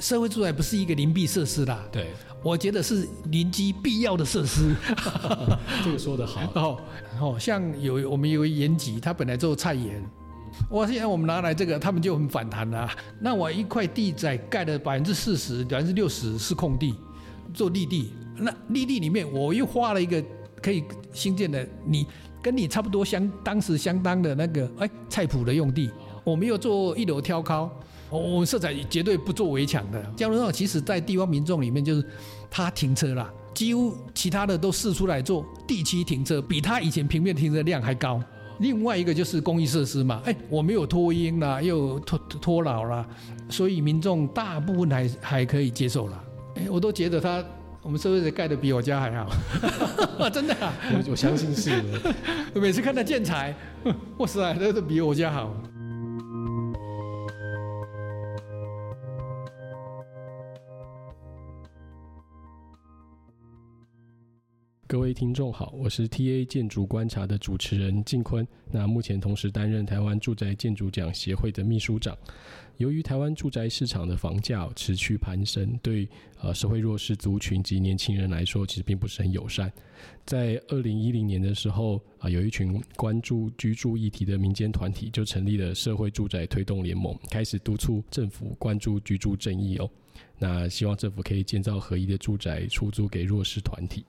社會住宅不是一個鄰避設施啦，對，我覺得是鄰居必要的設施。 這個說的好哦。 哦，像有我們有延吉，他本來做菜園，我現在我們拿來這個，他們就很反彈啦、啊。那我一塊地在蓋的百分之四十、百分之六十是空地做綠地，那綠地裡面我又畫了一個可以新建的你，你跟你差不多相當時相當的那個哎、欸、菜圃的用地，我沒有做一樓挑高。我們社宅絕對不做圍牆的。江路上，其實在地方民眾裡面，就是他停車啦，幾乎其他的都試出來做地區停車，比他以前平面停車量還高。另外一個就是公益設施嘛，哎，我沒有托嬰啦，又托托老啦，所以民眾大部分還還可以接受啦。哎，我都覺得他我們社宅蓋得比我家還好， 真的啊。我我相信是的， 每次看到建材，哇塞，都比我家好。各位聽眾好，我是 TA 建築觀察的主持人進坤，那目前同時擔任台灣住宅建築獎協會的秘書長。由於台灣住宅市場的房價持續攀升，對呃社會弱勢族群及年輕人來說，其實並不是很友善。在二零一零年的時候，啊，有一群關注居住議題的民間團體就成立了社會住宅推動聯盟，開始督促政府關注居住正義哦。那希望政府可以建造合宜的住宅出租給弱勢團體。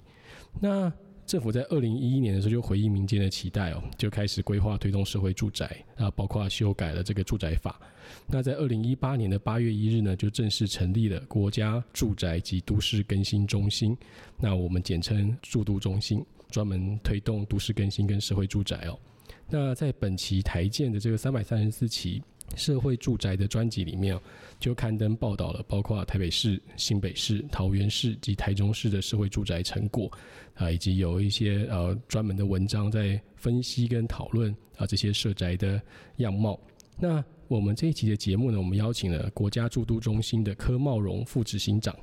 那政府在二零一一年的時候就回應民間的期待哦，就開始規劃推動社會住宅啊，包括修改了這個住宅法。那在二零一八年的八月一日呢，就正式成立了國家住宅及都市更新中心，那我們簡稱住都中心，專門推動都市更新跟社會住宅哦。那在本期台建的這個三百三十四期。社會住宅的專輯裡面，就刊登報道了，包括台北市、新北市、桃園市及台中市的社會住宅成果，啊，以及有一些呃專門的文章在分析跟討論啊這些社宅的樣貌。那我們這一集的節目呢，我們邀請了國家住都中心的柯茂榮副執行長。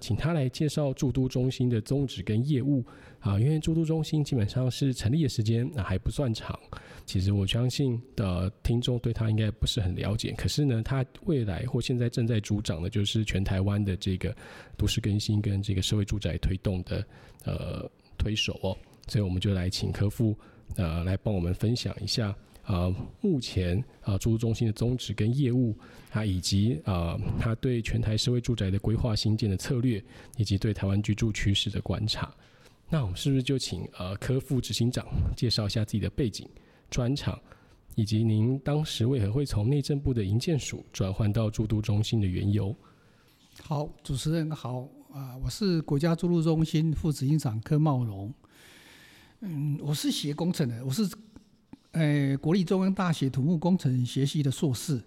請他來介紹住都中心的宗旨跟業務啊，因為住都中心基本上是成立的時間啊還不算長，其實我相信的、呃、聽眾對他應該不是很了解，可是呢，他未來或現在正在主掌的就是全台灣的這個都市更新跟這個社會住宅推動的呃推手哦，所以我們就來請柯副呃來幫我們分享一下。啊、呃，目前啊、呃，住都中心的宗旨跟業務，它、啊、以及啊，它、呃、對全台社會住宅的規劃興建的策略，以及對台灣居住趨勢的觀察，那我們是不是就請呃柯副執行長介紹一下自己的背景、專長，以及您當時為何會從內政部的營建署轉換到住都中心的緣由？好，主持人好，啊、呃，我是國家住都中心副執行長柯茂榮，嗯，我是學工程的，我是。呃，國立中央大學土木工程學系的碩士，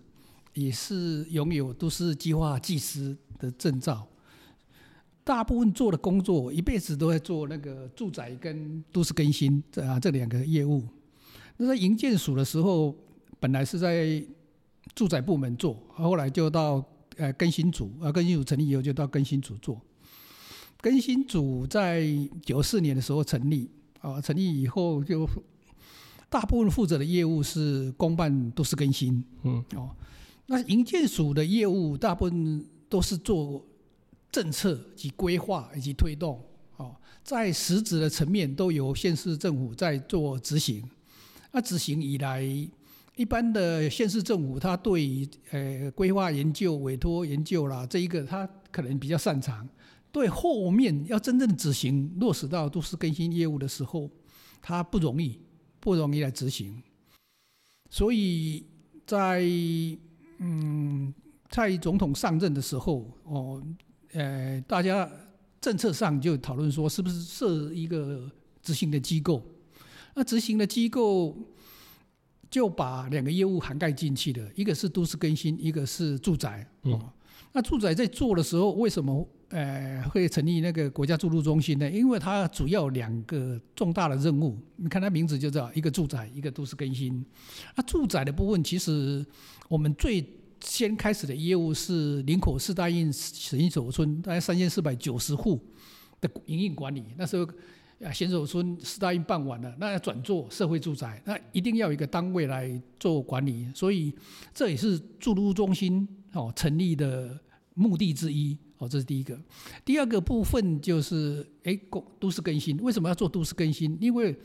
也是擁有都市計劃技師的證照。大部分做的工作，一輩子都在做那個住宅跟都市更新這啊這兩個業務。那在營建署的時候，本來是在住宅部門做，後來就到呃更新組，呃、啊、更新組成立以後就到更新組做。更新組在九四年的時候成立，啊，成立以後就。大部分負責的業務是公辦都市更新。嗯，哦，那營建署的業務大部分都是做政策及規劃以及推動。哦，在實質的層面，都由縣市政府在做執行。那執行以來，一般的縣市政府，他對於呃規劃研究、委托研究啦，這一個他可能比較擅長。對，後面要真正的執行落實到都市更新業務的時候，他不容易。不容易來執行，所以在嗯，蔡總統上任的時候，哦，呃，大家政策上就討論說，是不是設一個執行的機構？那執行的機構就把兩個業務涵蓋進去的，一個是都市更新，一個是住宅。哦，嗯，那住宅在做的時候，為什麼？呃，會成立那個國家住都中心呢，因為它主要兩個重大的任務。你看它名字就知道，一個住宅，一個都市更新。那、啊、住宅的部分，其實我們最先開始的業務是林口世大運選手村，大概三千四百九十戶的營運管理。那時候，選、啊、手村世大運辦完了，那要轉做社會住宅，那一定要有一個單位來做管理，所以這也是住都中心哦成立的目的之一。哦，這是第一個。第二個部分就是，哎，都都市更新，為什麼要做都市更新？因為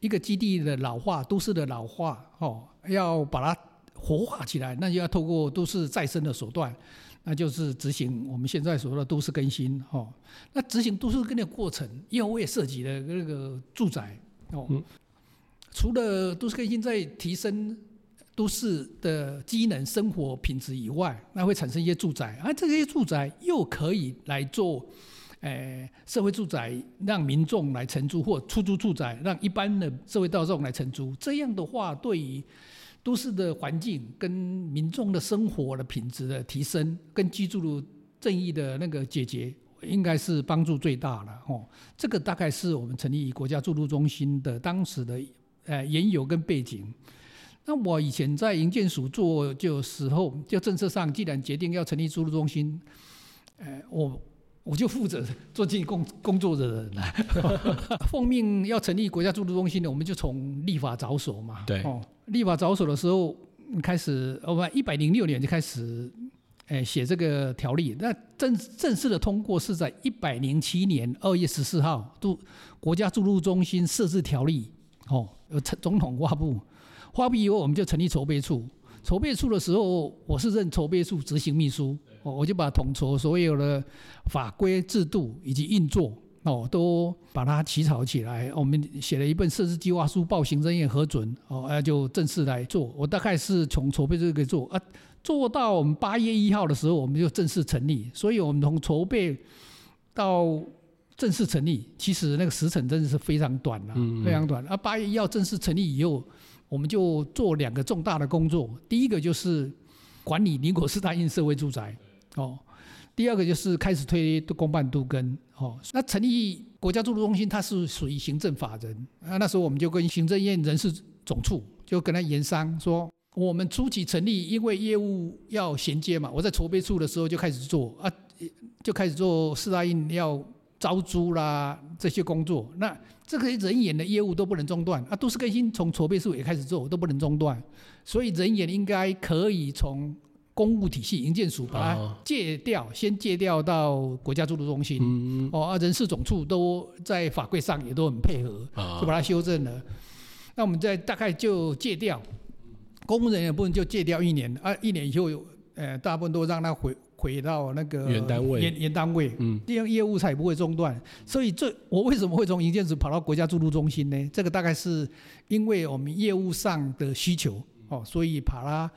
一個基地的老化，都市的老化，哦，要把它活化起來，那就要透過都市再生的手段，那就是執行我們現在所說的都市更新。哦，那執行都市更新的過程，因為我也涉及了那個住宅哦，嗯、除了都市更新在提升。都市的機能、生活品質以外，那會產生一些住宅，而、啊、這些住宅又可以來做，誒、呃，社會住宅，讓民眾來承租或出租住宅，讓一般的社會大眾來承租。這樣的話，對於都市的環境跟民眾的生活的品質的提升，跟居住的正義的那個解決，應該是幫助最大了。哦，這個大概是我們成立國家住都中心的當時的誒緣由跟背景。那我以前在營建署做就時候，就政策上既然決定要成立住都中心，呃，我我就負責做一工工作的人，奉命要成立國家住都中心的，我們就從立法着手嘛。對，哦，立法着手的時候開始，我們一百零六年就開始，誒，寫這個條例。那正正式的通過是在一百零七年二月十四號，度國家住都中心設置條例，哦，由總統發布。花筆以後，我們就成立籌備處。籌備處的時候，我是任籌備處執行秘書，我就把統籌所有的法規制度以及運作哦，都把它起草起來。我們寫了一本設置計劃書，報行政院核准哦，就正式來做。我大概是從籌備這個做，啊，做到我們八月一號的時候，我們就正式成立。所以，我們從籌備到正式成立，其實那個時程真的是非常短吶、啊，非常短、啊。八月一號正式成立以後。我們就做兩個重大的工作，第一個就是管理林口世大運社會住宅，哦；第二個就是開始推公辦都更哦。那成立國家住都中心，它是屬於行政法人啊。那時候我們就跟行政院人事總處就跟他研商說，我們初期成立，因為業務要銜接嘛。我在籌備處的時候就開始做啊，就開始做世大運要招租啦，這些工作，那這個人員的業務都不能中斷啊，都市更新從籌備處也開始做，都不能中斷，所以人員應該可以從公務體系營建署把它借調，啊、先借調到國家住都中心，嗯、哦、啊，人事總處都在法規上也都很配合，啊、就把它修正了。那我們在大概就借調，公務人員部分就借調一年，啊，一年以後，呃，大部分都讓他回。回到那個原單位，原、呃、原單位，嗯，這樣業務才不會中斷。嗯、所以，這我為什麼會從營建署跑到國家住都中心呢？這個大概是因為我們業務上的需求哦，所以跑了。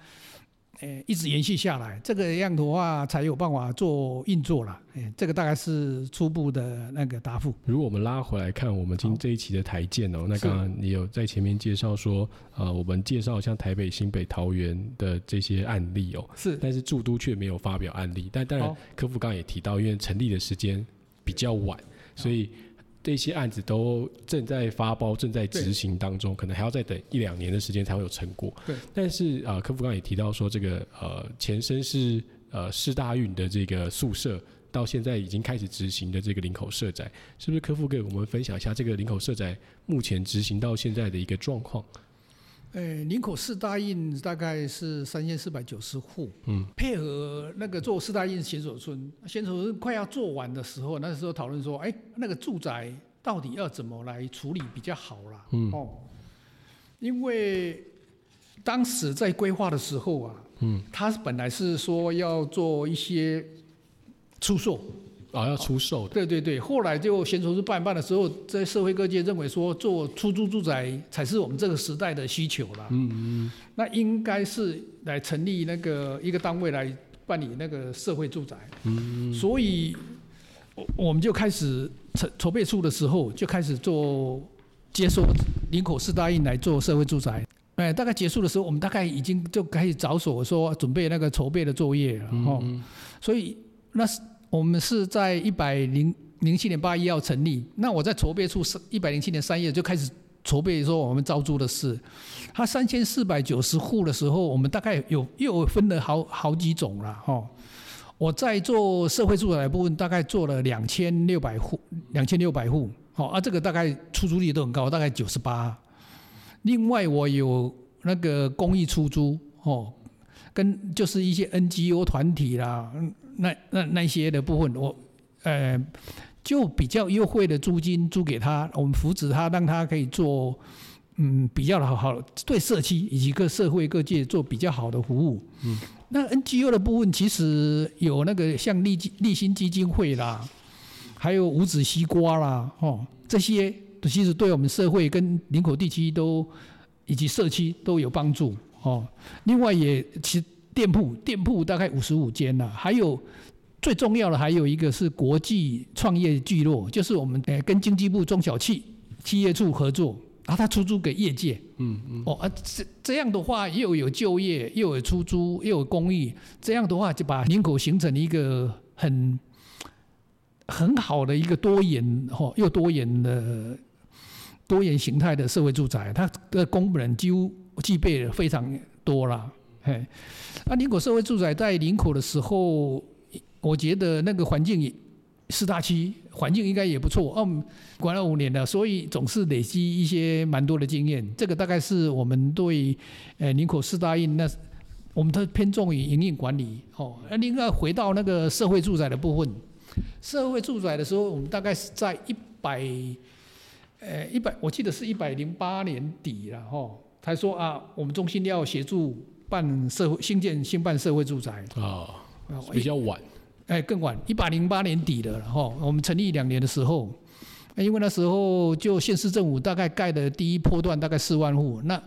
欸、一直延續下來，這個樣子的話才有辦法做運作了。誒、欸，這個大概是初步的那個答覆。如果我們拉回來看，我們今天這一期的台建哦，好那剛剛你有在前面介紹說，呃，我們介紹像台北、新北、桃園的這些案例哦，是，但是住都卻沒有發表案例。但當然，柯副剛剛也提到，因為成立的時間比較晚，對所以。這些案子都正在發包，正在執行當中，對，可能還要再等一兩年的時間才會有成果。對，但是啊，呃，柯副剛剛也提到說，這個呃前身是呃世大運的這個宿舍，到現在已經開始執行的這個林口社宅，是不是？柯副給我們分享一下這個林口社宅目前執行到現在的一個狀況？呃、欸，林口世大運大概是三千四百九十戶，嗯，配合那個做世大運選手村。選手村快要做完的時候，那時候討論說，哎、欸，那個住宅到底要怎麼來處理比較好啦，嗯哦，因為當時在規劃的時候啊，嗯，他本來是說要做一些出售。啊、哦，要出售的，哦。對對對，後來就先說是辦辦的時候，在社會各界認為說做出租住宅才是我們這個時代的需求了。嗯，嗯，嗯那應該是來成立那個一個單位來辦理那個社會住宅。嗯，嗯，所以，我我們就開始籌籌備處的時候，就開始做接收林口世大運來做社會住宅。哎，大概結束的時候，我們大概已經就開始着手說準備那個籌備的作業了。嗯，嗯、哦。所以那是。我們是在一百零零七年八月一號成立，那我在籌備處是，一百零七年三月就開始籌備說我們招租的事。它三千四百九十戶的時候，我們大概有又分了好好幾種了，吼、哦。我在做社會住宅的部分，大概做了兩千六百戶，兩千六百戶，好、哦，啊，這個大概出租率都很高，大概九十八。另外我有那個公益出租，哦。跟就是一些 NGO 團體啦，那那那些的部分，我呃就比較優惠的租金租給他，我們扶持他，讓他可以做嗯比較好好對社區以及各社會各界做比較好的服務。嗯，那 NGO 的部分其實有那個像立基立心基金會啦，還有無子西瓜啦，哦，這些其實對我們社會跟林口地區都以及社區都有幫助。哦，另外也其實店鋪店鋪大概五十五間了、啊、還有最重要的還有一個是國際創業聚落，就是我們跟經濟部中小企、企業處合作，然、啊、後它出租給業界，嗯嗯，嗯哦啊這這樣的話又有就業，又有出租，又有公寓。這樣的話就把林口形成了一個很很好的一個多元哈、哦、又多元的多元形態的社會住宅，它的工人幾乎。我具備了非常多了，嘿，那、啊、林口社會住宅在林口的時候，我覺得那個環境也世大運環境應該也不錯。嗯，管了五年了，所以總是累積一些蠻多的經驗。這個大概是我們對呃林口世大運，那我們都偏重於營運管理哦。那、啊、另外回到那個社會住宅的部分，社會住宅的時候，我們大概是在一百、呃，呃一百，我記得是一百零八年底了哈。哦還說啊，我們中心要協助辦社會興建興辦社會住宅啊，哦、比較晚，哎、欸欸，更晚，一百零八年底的了哈、哦。我們成立兩年的時候、欸，因為那時候就縣市政府大概蓋的第一波段大概四萬戶，那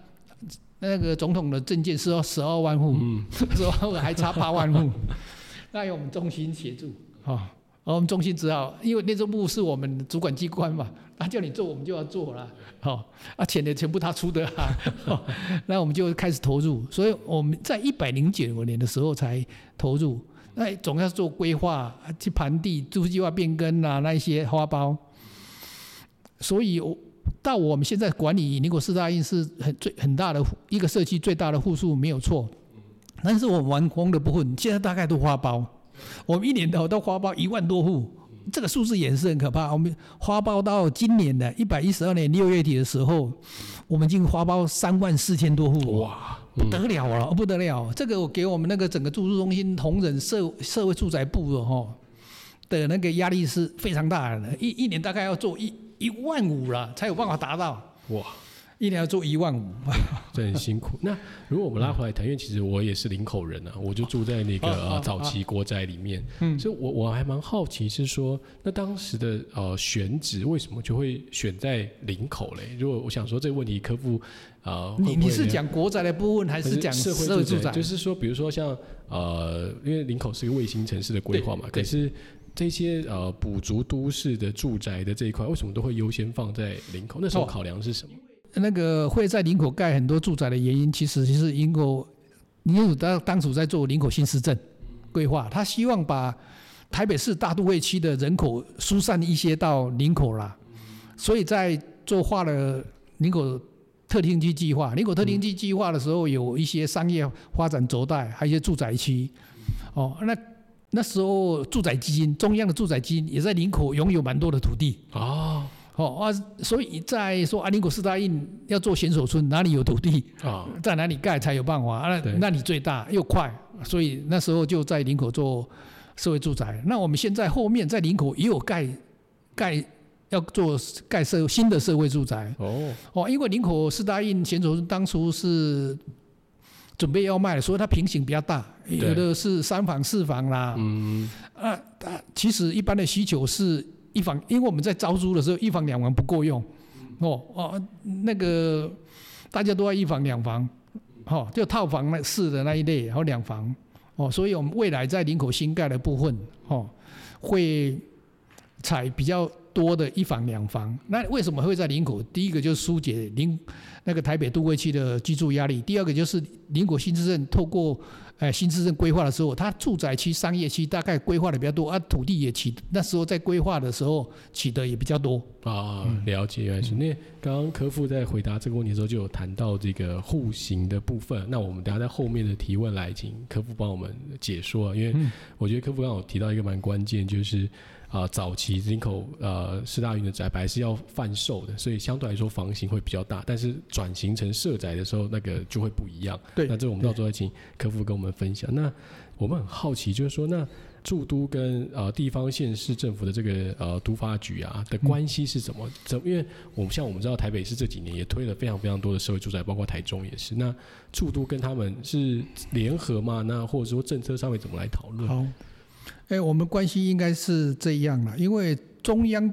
那個總統的政見是要十二萬戶，十二萬戶還差八萬戶， 那由我們中心協助哈。哦而、哦、我們中心只好，因為內政部是我們主管機關嘛，他、啊、叫你做，我們就要做了。好、哦，啊，錢，的全部他出的、啊 哦，那我們就開始投入。所以我們在一百零九年的時候才投入。那總要做規劃，去盤地、支付計劃變更吶、啊，那一些花苞。所以我到我們現在管理寧國四大印是很最很大的一個社區最大的戶數沒有錯，但是我完工的部分現在大概都花苞。我們一年頭都發包一萬多戶，這個數字也是很可怕，我們發包到今年的一百一十二年六月底的時候，我們已經發包三萬四千多戶，哇，不得了了，嗯、不得了！這個我給我們那個整個住都中心同仁社社會住宅部的吼的那個壓力是非常大的，一一年大概要做一一萬五了，才有辦法達到，哇。一年要做一萬五， 這很辛苦。那如果我們拉回來談，因為其實我也是林口人啊，我就住在那個早期國宅裡面。嗯、所以我，我我還蠻好奇，是說那當時的呃選址為什麼就會選在林口嘞？如果我想說這個問題科，柯副啊，你是講國宅的部分，還是講社會住宅？是住宅就是說，比如說像呃，因為林口是一個衛星城市的規劃嘛，對可是這些呃補足都市的住宅的這一塊，為什麼都會優先放在林口？那時候考量是什麼？Oh. 那個會在林口蓋很多住宅的原因，其實是因為林口當當初在做林口新市鎮規劃，他希望把台北市大都會區的人口疏散一些到林口啦，所以在做劃了林口特定區計劃。林口特定區計劃的時候，有一些商業發展軸帶，還有一些住宅區。哦，那那時候住宅基金，中央的住宅基金也在林口擁有蠻多的土地。哦。哦啊，所以在說啊，林口世大運要做選手村，哪裡有土地啊？哦、在哪裡蓋才有辦法？啊、那對那裡最大又快，所以那時候就在林口做社會住宅。那我們現在後面在林口也有蓋蓋要做蓋社新的社會住宅哦哦，因為林口世大運選手村當初是準備要賣的，所以它坪型比較大，有的是三房四房啦。嗯對啊，但其實一般的需求是，一房，因為我們在招租的時候，一房兩房不夠用，哦哦，那個大家都要一房兩房，好、哦，就套房那式的那一類，然、哦、後兩房，哦，所以我們未來在林口新蓋的部分，哦，會採比較多的一房兩房。那為什麼會在林口？第一個就是疏解林那個台北都會區的居住壓力，第二個就是林口新市鎮透過。哎，新市鎮規劃的時候，它住宅區、商業區大概規劃的比較多，而、啊、土地也起那時候在規劃的時候起的也比較多啊。了解，原來是那剛剛柯副在回答這個問題的時候就有談到這個戶型的部分，那我們等下在後面的提問，來請柯副幫我們解說，因為我覺得柯副剛剛有提到一個蠻關鍵，就是。啊、呃，早期林口呃世大運的宅牌是要販售的，所以相對來說房型會比較大，但是轉型成社宅的時候，那個就會不一樣。對，那這我們到時候再請柯副跟我們分享。對那我們很好奇，就是說，那住都跟呃地方縣市政府的這個呃都發局啊的關係是怎麼？怎麼樣、嗯？因為我們像我們知道，台北市這幾年也推了非常非常多的社會住宅，包括台中也是。那住都跟他們是聯合嗎？那或者說政策上面怎麼來討論？哎、欸，我們關係應該是這樣了，因為中央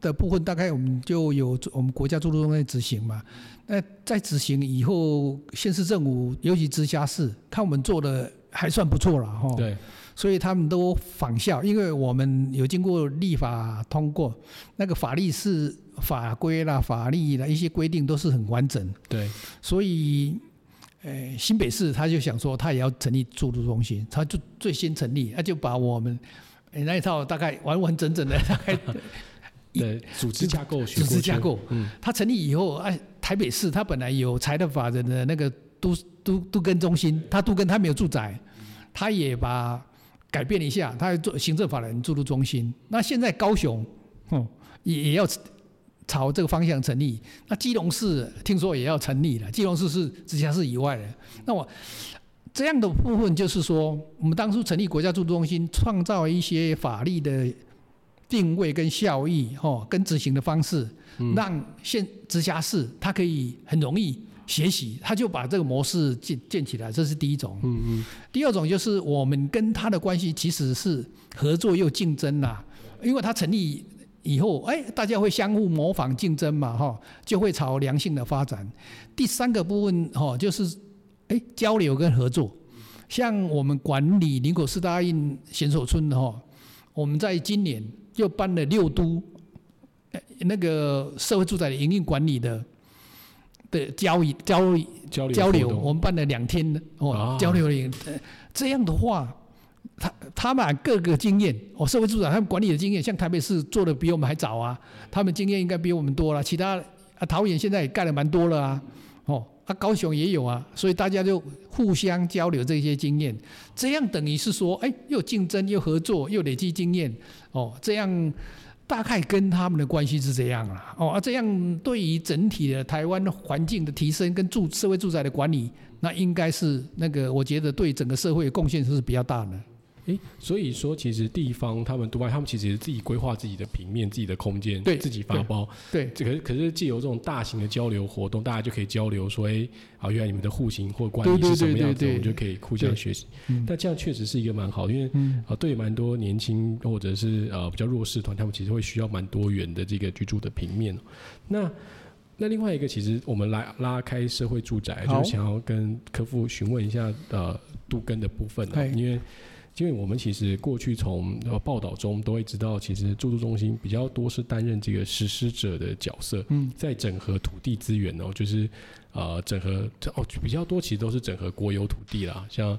的部分大概我們就有我們國家住都在執行嘛。那在執行以後，縣市政府尤其直轄市，看我們做的還算不錯了哈。對，所以他們都仿效，因為我們有經過立法通過，那個法律是法規啦、法律啦，一些規定都是很完整。對，所以。誒，新北市他就想說，他也要成立住都中心，他就最新成立，他、啊、就把我們那一套大概完完整整的大概， 對，一組織組織架構，組織架構，他成立以後，哎、啊，台北市他本來有財的法人的那個都都都更中心，對他都更他沒有住宅，對他也把改變了一下，他要做行政法人住都中心，那現在高雄，哼、嗯，也也要。朝這個方向成立，那基隆市聽說也要成立了。基隆市是直轄市以外的，那我這樣的部分就是說，我們當初成立國家住都中心，創造一些法律的定位跟效益，哦，跟執行的方式，嗯、讓現直轄市它可以很容易學習，他就把這個模式建建起來，這是第一種。嗯嗯。第二種就是我們跟他的關係其實是合作又競爭啦、啊，因為他成立。以後，哎，大家會相互模仿競爭嘛，哈，就會朝良性的發展。第三個部分，哈，就是哎，交流跟合作。像我們管理林口世大運選手村的哈，我們在今年又辦了六都誒那個社會住宅的營運管理的的交易交易交流，我們辦了兩天哦，啊、交流的，這樣的話。他他們各個經驗哦，社會住宅他們管理的經驗，像台北市做的比我們還早啊，他們經驗應該比我們多了。其他啊，桃園現在也幹了蠻多了啊，哦，啊，高雄也有啊，所以大家就互相交流這些經驗，這樣等於是說，哎，又競爭又合作又累積經驗哦，這樣大概跟他們的關係是這樣啦、啊，哦，啊、這樣對於整體的台灣環境的提升跟住社會住宅的管理，那應該是那個我覺得對整個社會的貢獻是比較大的。誒所以說，其實地方他們都外，他們其實也是自己規劃自己的平面、自己的空間，對，自己發包，對。這是可,可是借由這種大型的交流活動，大家就可以交流說，哎，啊，原來你們的戶型或觀念是什麼樣子，對對對對對我們就可以互相學習。嗯、但這樣確實是一個蠻好，因為啊、嗯呃，對蠻多年輕或者是呃比較弱勢團，他們其實會需要蠻多元的這個居住的平面。哦、那那另外一個，其實我們來拉開社會住宅，好就想要跟柯副詢問一下呃，都更的部分，哦、嘿因為。因為我們其實過去從呃報道中都會知道，其實住都中心比較多是擔任這個實施者的角色，嗯，在整合土地資源哦，就是呃整合哦比較多其實都是整合國有土地啦，像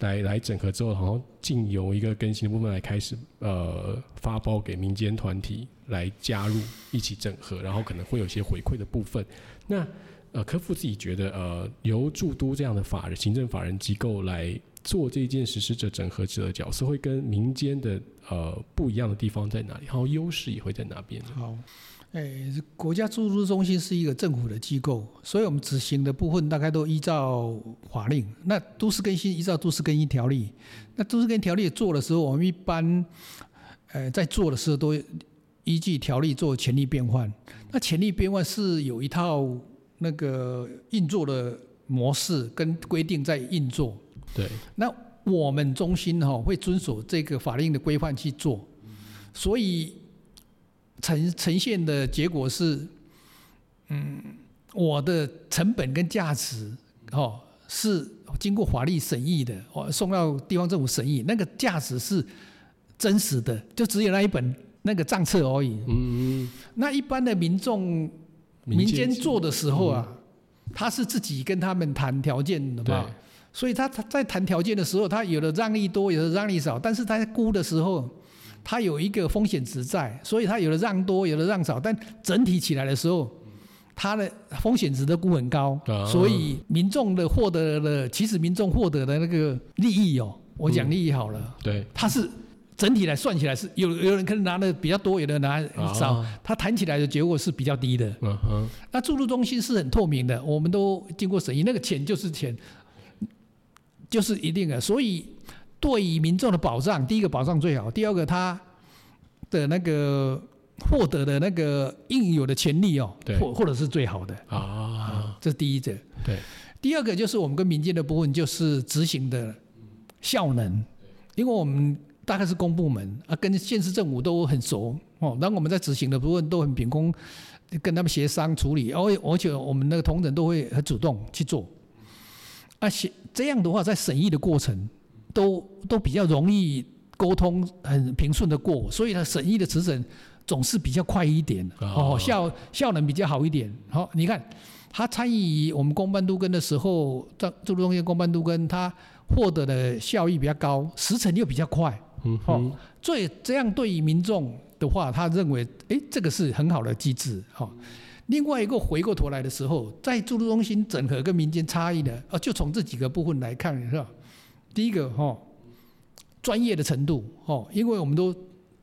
來來整合之後，好像進由一個更新的部分來開始呃發包給民間團體來加入一起整合，然後可能會有一些回饋的部分。那呃柯副自己覺得呃由住都這樣的法人行政法人機構來。做這件實施者整合者的角色，會跟民間的呃不一樣的地方在哪裡？然後優勢也會在哪邊？好，哎，國家住都中心是一個政府的機構，所以我們執行的部分大概都依照法令。那都市更新依照都市更新條例，那都市更新條例做的時候，我們一般，呃，在做的時候都依據條例做權利變換。那權利變換是有一套那個運作的模式跟規定在運作。對，那我們中心吼會遵守這個法令的規範去做，所以呈呈現的結果是，嗯，我的成本跟價值哦是經過法律審議的，送到地方政府審議，那個價值是真實的，就只有那一本那個賬冊而已。嗯，那一般的民眾民間做的時候啊，他是自己跟他們談條件的嘛。所以他他在談條件的時候，他有的讓利多，有的讓利少。但是他在估的時候，他有一個風險值在，所以他有的讓多，有的讓少。但整體起來的時候，他的風險值的估很高，uh huh. 所以民眾的獲得的，其實民眾獲得的那個利益哦，我講利益好了，對、uh，huh. 他是整體來算起來是有有人可能拿的比較多，有的人拿得少，uh huh. 他談起來的結果是比較低的。嗯哼、uh，huh. 那住都中心是很透明的，我們都經過審議，那個錢就是錢。就是一定的，所以對於民眾的保障，第一個保障最好，第二個他的那個獲得的那個應有的權利哦，或對或者是最好的啊，啊，這是第一者。對，第二個就是我們跟民間的部分就是執行的效能，因為我們大概是公部門啊，跟縣市政府都很熟哦，然後我們在執行的部分都很秉公跟他們協商處理，而而且我們那個同仁都會很主動去做。那些、啊、這樣的話，在審議的過程都都比較容易溝通，很平順的過，所以呢，審議的時程總是比較快一點，哦，效效能比較好一點。好、哦，你看他參與我們公辦都跟的時候，在諸多東西公辦都跟，他獲得的效益比較高，時程又比較快，嗯哼，好、哦，所以這樣對於民眾的話，他認為，哎，這個是很好的機制，好、哦。另外一個回過頭來的時候，在住都中心整合跟民間差異呢，呃，就從這幾個部分來看是吧？第一個哈，專業的程度哈，因為我們都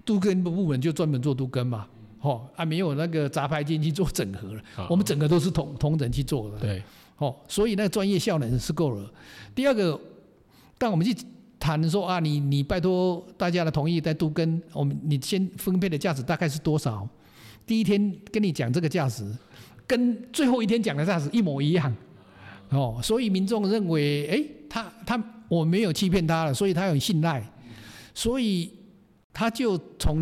都更部部門就專門做都更嘛，哈，還沒有那個雜牌進去做整合了，啊、我們整個都是同對同仁去做的，對，哦，所以那專業效能是夠了。第二個，當我們去談說啊，你你拜託大家的同意在都更，我們你先分配的價值大概是多少？第一天跟你講這個價值，跟最後一天講的價值一模一樣，哦，所以民眾認為，誒，他他我沒有欺騙他了，所以他很信賴，所以他就從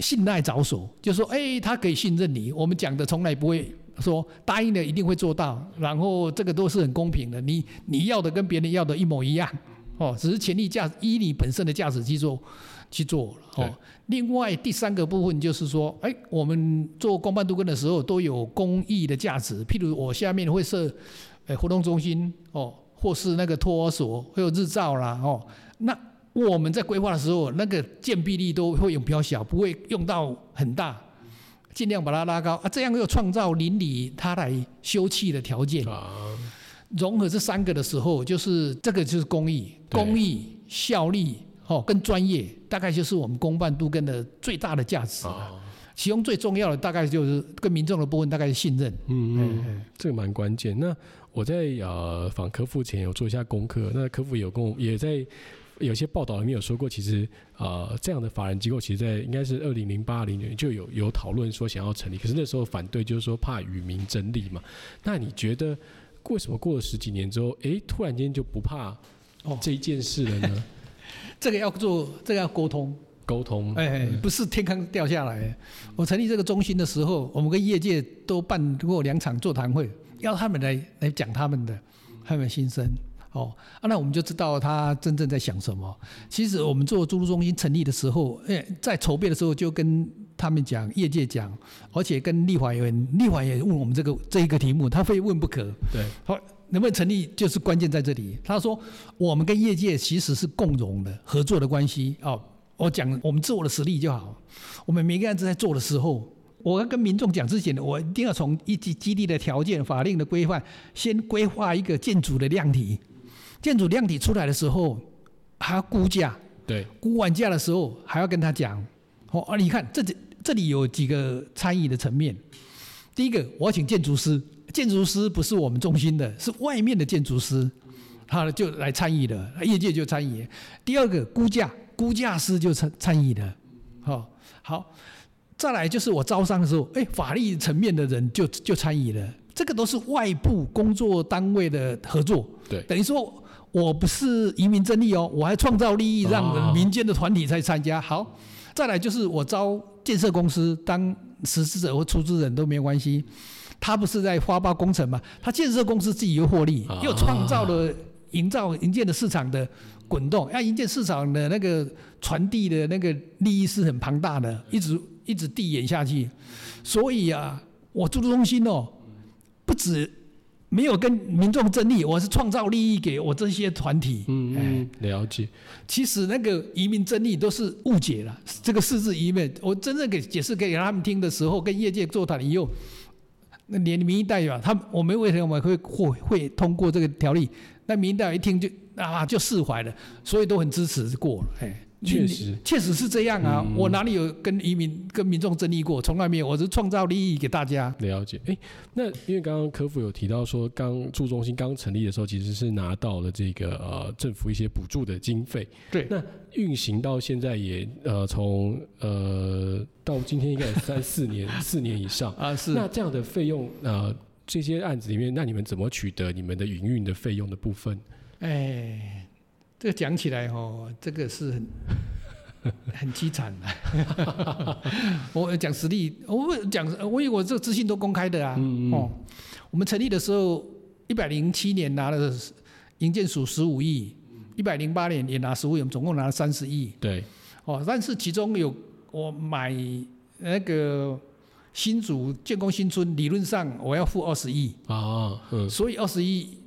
信賴着手，就說，誒，他可以信任你，我們講的從來不會說答應的一定會做到，然後這個都是很公平的，你你要的跟別人要的一模一樣，哦，只是潛力價依你本身的價值去做。去做哦。對另外第三個部分就是說，哎，我們做公辦都更的時候都有公益的價值。譬如我下面會設，誒活動中心哦，或是那個托兒所，會有日照啦哦。那我們在規劃的時候，那個建蔽率都會用比較小，不會用到很大，嗯、盡量把它拉高啊，這樣又創造鄰里他來休憩的條件。啊，融合這三個的時候，就是這個就是公益，公益對效力。哦，更專業，大概就是我們公辦都更的最大的價值。哦，其中最重要的大概就是跟民眾的部分，大概是信任。嗯嗯，嘿嘿這個蠻關鍵。那我在呃訪柯副前，有做一下功課。那柯副有跟，也在有些報道裡面有說過，其實呃這樣的法人機構，其實在應該是二零零八、零九年就有有討論說想要成立，可是那時候反對，就是說怕與民爭利嘛。那你覺得為什麼過了十幾年之後，哎，突然間就不怕這一件事了呢？哦 這個要做，這個要溝通。溝通、哎，不是天上掉下來。我成立這個中心的時候，我們跟業界都辦過兩場座談會，要他們來來講他們的，他們的心聲。哦，啊，那我們就知道他真正在想什麼。其實我們做住都中心成立的時候、哎，在籌備的時候就跟他們講，業界講，而且跟立法委員，立法委員問我們這個這一個題目，他非問不可。對，好。能不能成立就是關鍵在這裡。他說，我們跟業界其實是共融的合作的關係。哦，我講我們自我的實力就好。我們每個人在做的時候，我要跟民眾講之前，我一定要從一級基地的條件、法令的規範，先規劃一個建築的量體。建築量體出來的時候，還要估價。對，估完價的時候，還要跟他講。哦，你看這，這這這裡有幾個參與的層面。第一個，我要請建築師。建築師不是我們中心的，是外面的建築師，他就來參與的，業界就參與。第二個估價，估價師就參參與的，好，好，再來就是我招商的時候，哎、欸，法律層面的人就就參與了，這個都是外部工作單位的合作，對，等於說我不是與民爭利哦，我還創造利益讓，讓、啊、民間的團體在參加。好，再來就是我招建設公司當實施者或出資人都沒有關係。他不是在發包工程嘛，他建設公司自己又獲利，又創造了營造、營建的市場的滾動。哎，營建市場的那個傳遞的那個利益是很龐大的，一直一直遞延下去。所以啊，我住都中心哦，不止沒有跟民眾爭利，我是創造利益給我這些團體。嗯，嗯唉了解。其實那個移民爭利，都是誤解了，這個四字移民，我真正給解釋給他們聽的時候，跟業界座談以後。那連民意代表他我，沒我們為什麼會會會通過這個條例？那民意代表一聽就啊，就釋懷了，所以都很支持過了。確實，確實是這樣啊！嗯、我哪裡有跟移民、跟民眾爭議過？從來沒有，我是創造利益給大家。了解，哎，那因為剛剛柯副有提到說，剛住中心剛成立的時候，其實是拿到了這個呃政府一些補助的經費。對。那運行到現在也呃從呃到今天應該是三 四年，四年以上啊是。那這樣的費用呃這些案子裡面，那你們怎麼取得你們的營運、運的費用的部分？哎。這個講起來哈、哦，這個是很很淒慘的，啊。 我講實力，我講，我以為我這個資訊都公開的啊。嗯嗯。哦，我們成立的時候，一百零七年拿了營建署十五億，一百零八年也拿十五億，我們總共拿了三十億。對。哦，但是其中有我買那個新竹建工新村，理論上我要付二十億。啊。嗯、所以二十億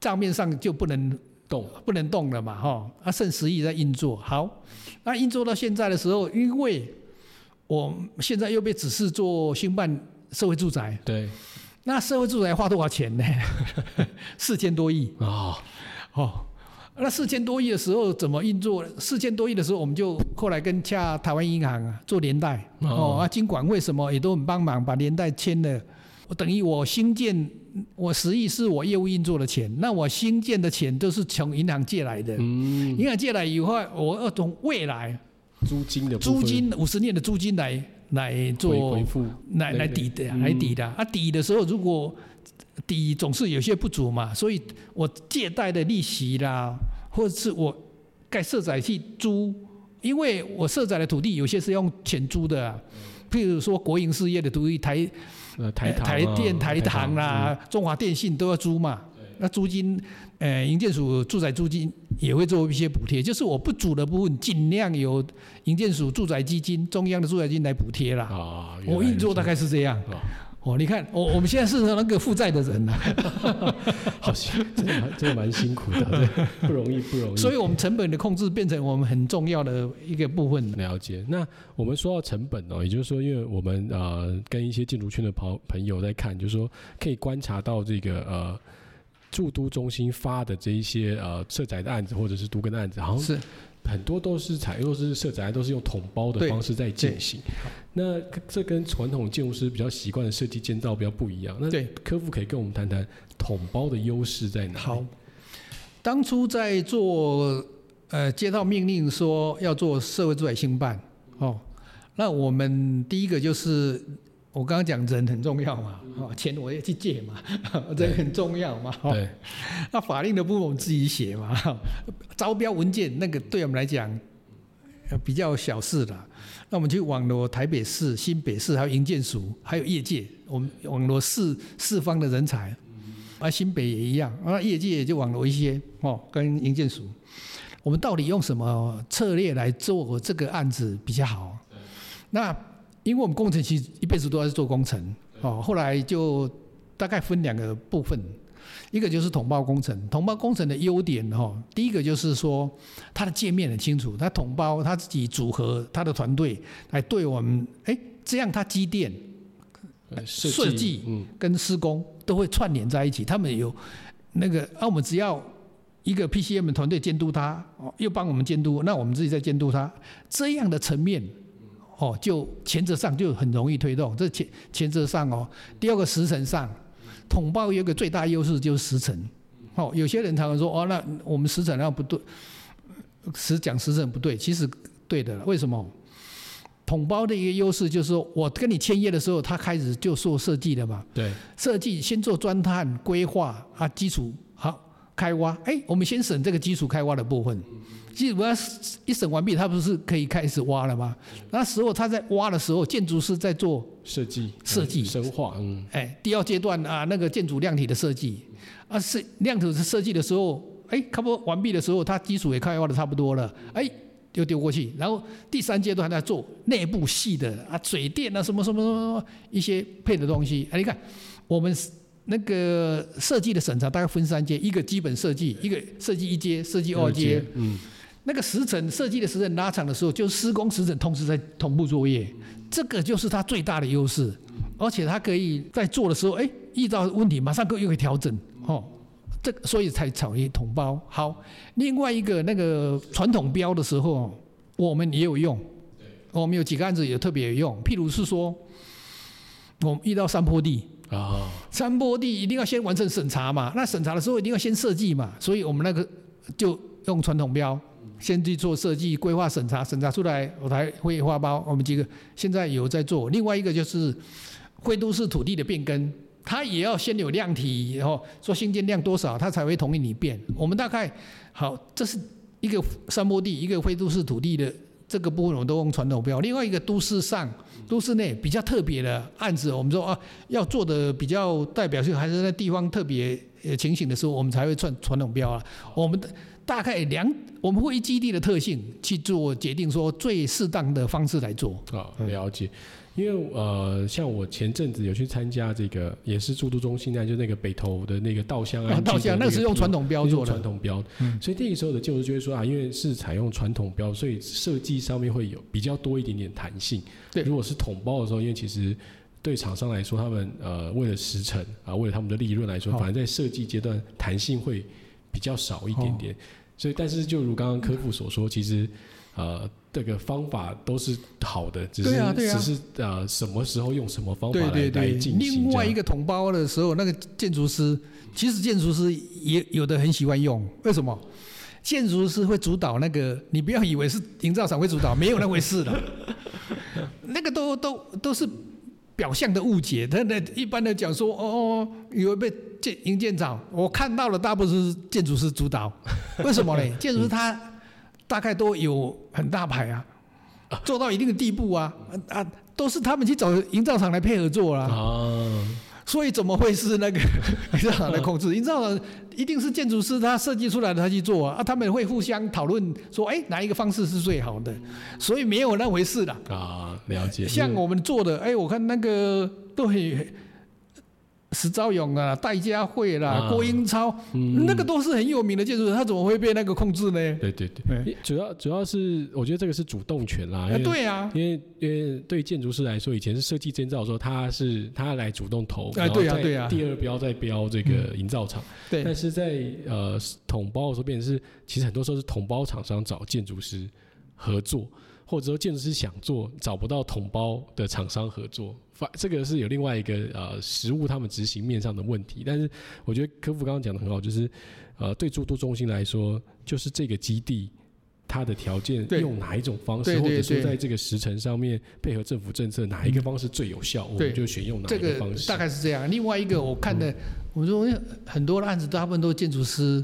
賬面上就不能，動不能動了嘛，哈、哦，啊、剩十億在運作。好，那運作到現在的時候，因為我現在又被指示做興辦社會住宅，對，那社會住宅花多少錢呢？四 千多億啊，哦，哦，那四千多億的時候怎麼運作？四千多億的時候，我們就後來跟洽台灣銀行啊做聯貸哦，啊、哦，那金管為什麼也都很幫忙把聯貸簽了，我等於我興建。我十億是我業務運作的錢，那我新建的錢都是從銀行借來的。嗯，銀行借來以後，我要從未來租金的租金五十年的租金來來做回回復來對對來抵的來抵的。嗯、啊，抵的時候如果抵總是有些不足嘛，所以我借貸的利息啦，或者是我蓋社宅去租，因為我社宅的土地有些是用錢租的、啊，嗯、譬如說國營事業的土地，台。台、啊、台電、台糖啦、啊，啊、中華電信都要租嘛。對那租金，呃，營建署住宅租金也會做一些補貼，就是我不租的部分，儘量由營建署住宅基金、中央的住宅基金來補貼啦。哦、我運作大概是這樣。哦哦，你看，我我們現在是那個負債的人吶、啊， 好辛，真、這、的、個、蠻，真、這、的、個、蠻辛苦，的，不容易，不容易。所以，我們成本的控制變成我們很重要的一個部分了。了解。那我們說到成本哦，也就是說，因為我們呃跟一些建築圈的朋朋友在看，就是說可以觀察到這個呃住都中心發的這一些呃社宅的案子或者是都更的案子，好、哦、像是。很多都是採用都是設計，都是用統包的方式在進行。那這跟傳統建築師比較習慣的設計建造比較不一樣。對那柯副可以跟我們談談統包的優勢在哪裡？好，當初在做，呃，接到命令說要做社會住宅興辦，哦，那我們第一個就是。我剛剛講，人很重要嘛，哦，錢我也去借嘛，人很重要嘛。 那法令的部分我們自己寫嘛，招標文件那個對我們來講比較小事了。那我們去網羅台北市、新北市還有營建署，還有業界，我們網羅四四方的人才。啊，新北也一樣啊，業界也就網羅一些哦，跟營建署。我們到底用什麼策略來做這個案子比較好？對那。因為我們工程其實一輩子都在做工程哦，後來就大概分兩個部分，一個就是統包工程。統包工程的優點哈，第一個就是說它的界面很清楚，它統包他自己組合他的團隊來對我們，哎，這樣它機電、設計、嗯、設計跟施工都會串聯在一起。他們有那個啊，我們只要一個 PCM 團隊監督他，又幫我們監督，那我們自己在監督他這樣的層面。哦，就前者上就很容易推動，這前前者上哦，第二個時程上，統包有個最大優勢就是時程。哦，有些人常常說哦，那我們時程那不對，時講時程不對，其實對的了。為什麼？統包的一個優勢就是說我跟你簽約的時候，他開始就做設計的嘛。對。設計先做鑽探、規劃啊，基礎好開挖，哎、欸，我們先審這個基礎開挖的部分。基本上一審完畢，他不是可以開始挖了嗎？那時候他在挖的時候，建築師在做設計、設計深化。嗯。哎，第二階段啊，那個建築量體的設計啊，是量體是設計的時候，哎，差不多完畢的時候，他基礎也開挖的差不多了，哎，就丟過去。然後第三階段還在做內部細的啊，水電啊，什麼什麼什麼什麼一些配的東西。哎，你看我們那個設計的審查大概分三階：一個基本設計，一個設計一階，設計二階。嗯。那個時程，設計的時程拉長的時候，就施工時程同時在同步作業，這個就是它最大的優勢，而且它可以在做的時候，哎、欸，遇到問題馬上可以又可以調整，吼、哦，這個、所以才產業統包。好，另外一個那個傳統標的時候，我們也有用，我們有幾個案子也特別有用，譬如是說，我們遇到山坡地啊，山坡地一定要先完成審查嘛，那審查的時候一定要先設計嘛，所以我們那個就用傳統標。先去做設計、規劃、審查，審查出來我才會發包。我們幾個現在有在做。另外一個就是，非都市土地的變更，它也要先有量體，然後說新建量多少，它才會同意你變。我們大概好，這是一個山坡地，一個非都市土地的這個部分，我們都用傳統標。另外一個都市上、都市內比較特別的案子，我們說啊，要做的比較代表性，還是在地方特別呃情形的時候，我們才會轉傳統標啊，我們的。大概兩，我們會以基地的特性去做決定，說最適當的方式來做。啊，了解。因為呃，像我前陣子有去參加這個，也是住都中心啊，就那個北投的那個稻香、那個、啊，稻香、啊、那個是用傳統標做的傳統標。統標嗯、所以那個時候的建築師就會說啊，因為是採用傳統標，所以設計上面會有比較多一點點彈性。對，如果是統包的時候，因為其實對廠商來說，他們呃為了時程啊、呃，為了他們的利潤來說，反而在設計階段彈性會。比較少一點點，所以但是就如剛剛柯副所說，其實呃這個方法都是好的，只是只是呃什麼時候用什麼方法來進行。另外一個統包的時候，那個建築師其實建築師也有的很喜歡用，為什麼？建築師會主導那個？你不要以為是營造廠會主導， 沒有那回事的， 那個都都都是表象的誤解。他那一般來講說哦，以為被。建營建廠，我看到了大部分是建築師主導，為什麼呢？建築師他大概都有很大牌啊，做到一定的地步啊，啊，都是他們去找營造廠來配合做啊，啊所以怎麼會是那個營造廠來控制？營造廠一定是建築師他設計出來的，他去做啊，啊，他們會互相討論說，哎、欸，哪一個方式是最好的？所以沒有那回事的。啊，了解。像我們做的，哎、嗯欸，我看那個都很。石昭永啊，戴嘉惠啦，啊、郭英釗，嗯、那個都是很有名的建築人，他怎麼會被那個控制呢？對對對，欸、主要主要是我覺得這個是主動權啦。啊、欸，對啊，因為因為對建築師來說，以前是設計建造的時候，他是他來主動投，對啊、欸、對啊，對啊對啊，第二標再標這個營造廠、嗯。對，但是在呃統包的時候，變成是其實很多時候是統包廠商找建築師合作。或者說建築師想做找不到統包的廠商合作，發這個是有另外一個呃實務，他們執行面上的問題。但是我覺得柯副剛剛講得很好，就是呃對住都中心來說，就是這個基地它的條件用哪一種方式，對或者說在這個時程上面配合政府政策哪一個方式最有效，對我們就選用哪一個方式。這個，大概是這樣。另外一個我看的，嗯嗯、我說很多的案子大部分都是建築師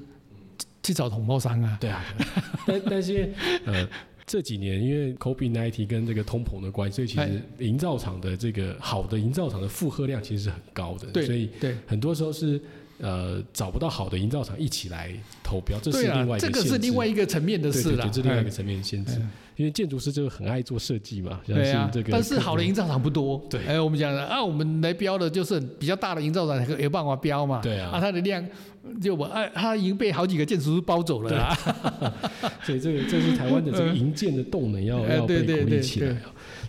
去找統包商啊，啊，對啊， 但但是呃。這幾年因為 COVID-19 跟這個通膨的關係，所以其實營造廠的這個好的營造廠的負荷量其實是很高的，對所以很多時候是呃找不到好的營造廠一起來投標，這是另外一個、啊、這個是另外一個層面的事了，是另外一個層面的限制。哎、因為建築師就很愛做設計嘛，對這個。但是好的營造廠不多，對。有、哎、我們講的啊，我們來標的，就是比較大的營造廠才有辦法標嘛，對啊。啊它的量就我哎、啊，它已經被好幾個建築師包走了。對 所以，這個這是台灣的這個營建的動能，嗯、要要被鼓勵起來。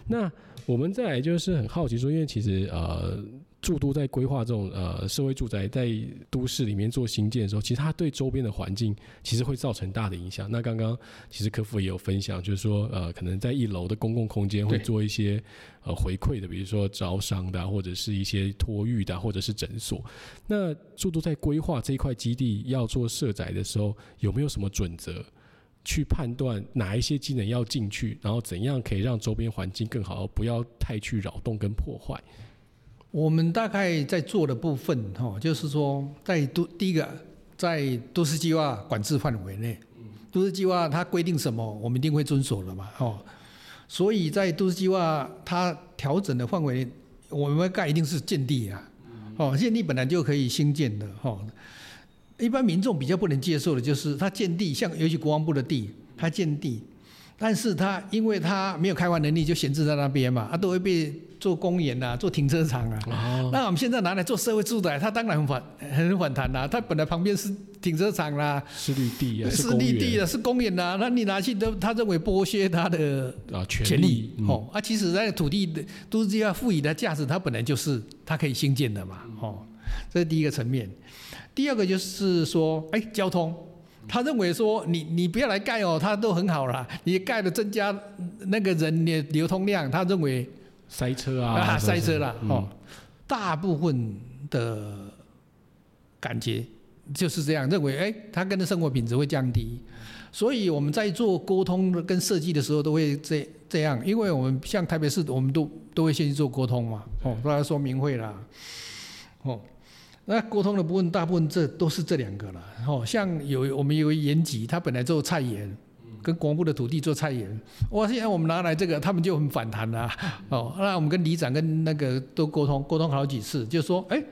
那我們再來就是很好奇說，因為其實呃，住都在規劃這種呃社會住宅在都市裡面做興建的時候，其實它對周邊的環境其實會造成大的影響。那剛剛其實柯副也有分享，就是說呃，可能在一樓的公共空間會做一些對呃回饋的，比如說招商的，或者是一些托育的，或者是診所。那住都在規劃這一塊基地要做社宅的時候，有沒有什麼準則？去判斷哪一些機能要進去，然後怎樣可以讓周邊環境更好，不要太去擾動跟破壞。我們大概在做的部分，哈，就是說在都第一個在都市計劃管制範圍內，嗯、都市計劃它規定什麼，我們一定會遵守的嘛，哦。所以在都市計劃它調整的範圍，我們蓋一定是建地啊，哦，建地本來就可以興建的，哈。一般民眾比較不能接受的就是他建地，像尤其國防部的地，他建地，但是他因為他沒有開發能力，就閒置在那邊嘛，啊都會被做公園吶、啊，做停車場啊。哦、那我們現在拿來做社會住宅，他當然很反很反彈吶、啊。他本來旁邊是停車場啦，是綠地啊，是綠地啊，是公園啊，啊。那你拿去都他認為剝削他的、啊、權利、嗯哦、啊，其實那個土地的都是要賦予的價值，它本來就是它可以興建的嘛。哦，這是第一個層面。第二個就是說，哎，交通，他認為說你你不要來蓋哦，他都很好啦。你蓋了增加那個人的流通量，他認為塞車啊，啊塞車啦哦。嗯、大部分的感覺就是這樣，認為哎，他跟着生活品質會降低。所以我們在做溝通跟設計的時候，都會這這樣，因為我們像台北市，我們都都會先去做溝通嘛，哦，都來說明會啦，哦。那溝通的部分，大部分這都是這兩個了。哦，像有我們有延吉，他本來做菜園，跟國部的土地做菜園。哇，現在我們拿來這個，他們就很反彈啦、啊。哦，後來我們跟里長跟那個都溝通，溝通好幾次，就是、說，哎，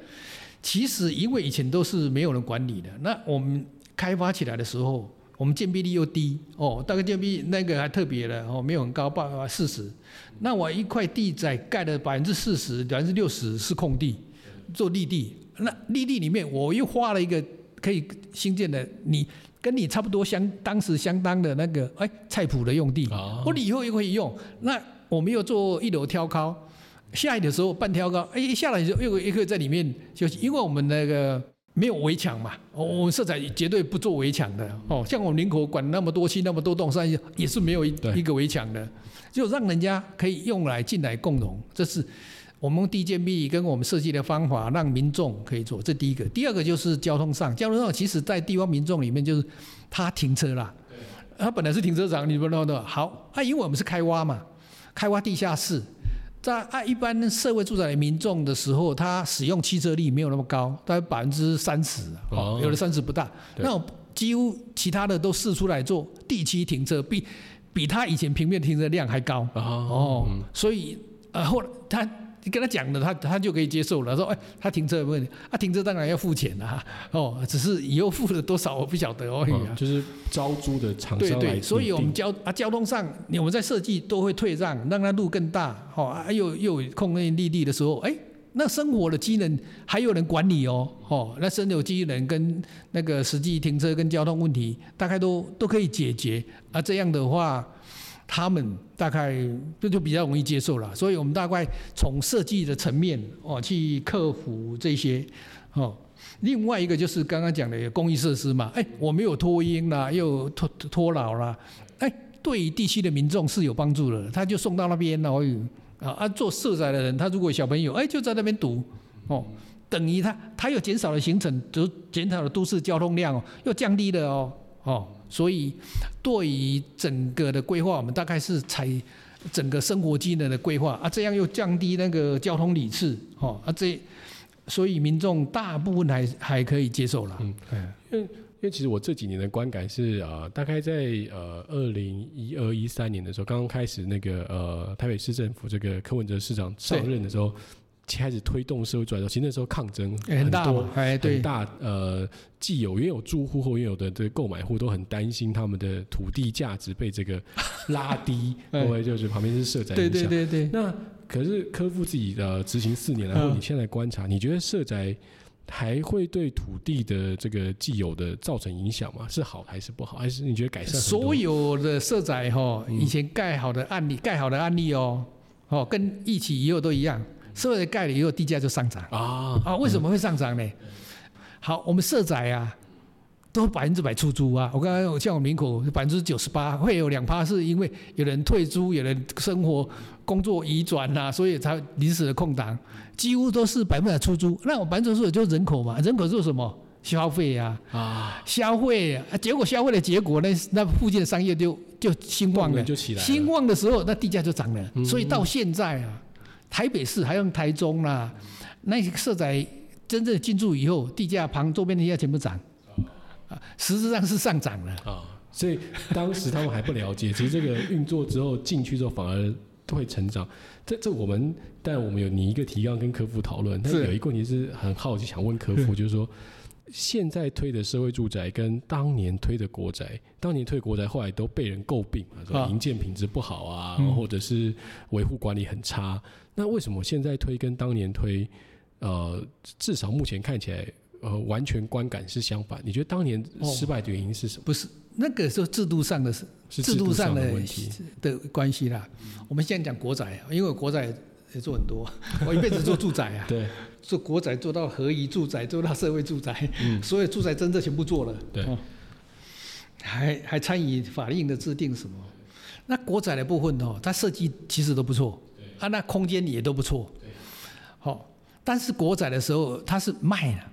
其實因為以前都是沒有人管理的，那我們開發起來的時候，我們建蔽率又低，哦，大概建蔽率那個還特別的哦，沒有很高，八四十。那我一塊地在蓋的百分之四十、百分之六十是空地，做綠地。那綠地裡面，我又劃了一個可以新建的，你跟你差不多相當時相當的那個哎、欸、菜圃的用地，啊、我你以後也可以用。那我們又做一樓挑高，下雨的時候半挑高，哎、欸，一下來就又可以在裡面休息，因為我們那個沒有圍牆嘛，我們色彩絕對不做圍牆的哦。像我們林口管那麼多期，那麼多棟，上，也是沒有一個圍牆的，對就讓人家可以用來進來共融，這是。我們用地建幣跟我們設計的方法，讓民眾可以做，這第一個。第二個就是交通上，交通上其實在地方民眾裡面就是他停車啦，對他本來是停車場，你不知道對好，他、啊、因為我們是開挖嘛，開挖地下室，在、啊、一般社會住宅的民眾的時候，他使用汽車率沒有那麼高，大概百分之三十，哦，有的三十不大，哦、那幾乎其他的都試出來做地基停車，比比他以前平面停車量還高哦，哦，所以呃，後來他。你跟他講了他，他他就可以接受了。說，哎、欸，他停車有，有問題，他、啊、停車當然要付錢啦、啊。哦，只是以後付了多少我不曉得哦。嗯啊、就是招租的場所來所以我們交啊交通上，我們在設計都會退讓，讓他路更大。好、哦啊，又又有空餘地地的時候，哎、欸，那生活的機能還有人管理哦。哦，那生有機能跟那個實際停車跟交通問題，大概都都可以解決。啊，這樣的話。他們大概這就，就比較容易接受了，所以我們大概從設計的層面哦去克服這些哦。另外一個就是剛剛講的公益設施嘛，哎，我沒有托嬰啦，又托托老啦，哎，對於地區的民眾是有幫助的，他就送到那邊了。啊啊，做社宅的人，他如果有小朋友哎，就在那邊讀哦，等於他他又減少了行程，就減少了都市交通量，又降低了哦，哦。所以，對於整個的規劃，我們大概是採整個生活機能的規劃啊，這樣又降低那個交通里程。哦啊這，這所以民眾大部分還還可以接受啦。嗯，對。因因為其實我這幾年的觀感是啊、呃，大概在呃二零一二一三年的時候，剛剛開始那個呃台北市政府這個柯文哲市長上任的時候。開始推動社會轉售，其實那時候抗爭很多、哎、很大，哎、對很大。呃，既有也有住戶或原有的這個購買戶都很擔心他們的土地價值被這個拉低，哎、因為就是旁邊是社宅影響。對對對對。那可是科夫自己的、呃、執行四年然後你現在觀察，啊、你覺得社宅還會對土地的這個既有的造成影響嗎？是好還是不好？還是你覺得改善？所有的社宅哈、哦，以前蓋好的案例，嗯、蓋好的案例哦，哦，跟一起以後都一樣。社會的蓋了以後地價就上漲啊！啊，為什麼會上漲呢？嗯、好，我們社宅啊，都百分之百出租啊。我剛才我講，我門口百分之九十八，會有兩趴是因為有人退租，有人生活工作移轉吶、啊，所以才臨時的空檔，幾乎都是百分之百出租。那我百分之百就是人口嘛，人口做什麼消費呀？啊，啊消費、啊，結果消費的結果那，那那附近的商業就就興旺了，興旺的時候，那地價就漲了。嗯、所以到現在啊。台北市還用台中啦、啊，那些社宅真正進駐以後，地價旁周邊的地價全部漲，啊，實質上是上漲了啊。所以當時他們還不了解， 其實這個運作之後進去之後反而會成長。這這我們但我們有擬一個提綱跟柯副討論，但是有一個問題是很好奇想問柯副，就是說。 現在推的社會住宅跟當年推的國宅，當年推國宅後來都被人詬病嘛，說營建品質不好啊，或者是維護管理很差。那為什麼現在推跟當年推，呃，至少目前看起來，呃，完全觀感是相反。你覺得當年失敗的原因是什麼？Oh、不是那個是制度上的，是制度上的問題的關係啦。我們現在講國宅，因為我國宅也做很多，我一輩子做住宅啊。 對。做國宅做到合宜住宅做到社會住宅，嗯、所有住宅真的全部做了，對，還還參與法令的制定什麼對？那國宅的部分哦，它設計其實都不錯，對啊，那空間也都不錯，好對，但是國宅的時候它是賣了，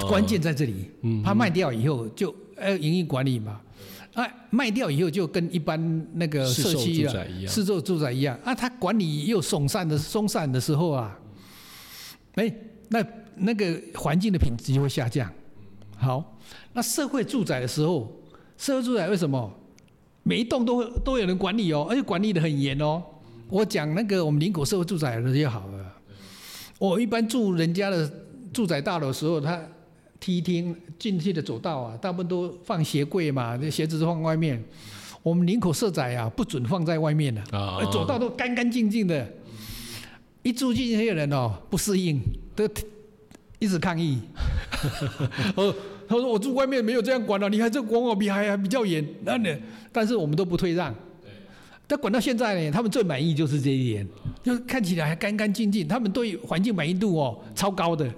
關鍵在這裡，啊、它賣掉以後就呃營運管理嘛，對啊賣掉以後就跟一般那個社區一樣，市售住宅一樣，啊，它管理又鬆散的鬆散的時候啊，沒、欸。那那個環境的品質就會下降。好，那社會住宅的時候，社會住宅為什麼每一棟都會都有人管理哦，而且管理得很嚴哦。我講那個我們林口社會住宅的就好了。我一般住人家的住宅大樓的時候，他梯廳進去的走道啊，大部分都放鞋櫃嘛，那鞋子都放外面。我們林口社宅啊，不准放在外面的，啊，走道都乾乾淨淨的。一住進去那些人哦，不適應。都一直抗議，哦，他說我住外面沒有這樣管了，喔，你還這管我比還還比較嚴。那呢？但是我們都不退讓。對。但管到現在呢，他們最滿意就是這一點，就是看起來還乾干淨淨，他們對環境滿意度哦，喔、超高的。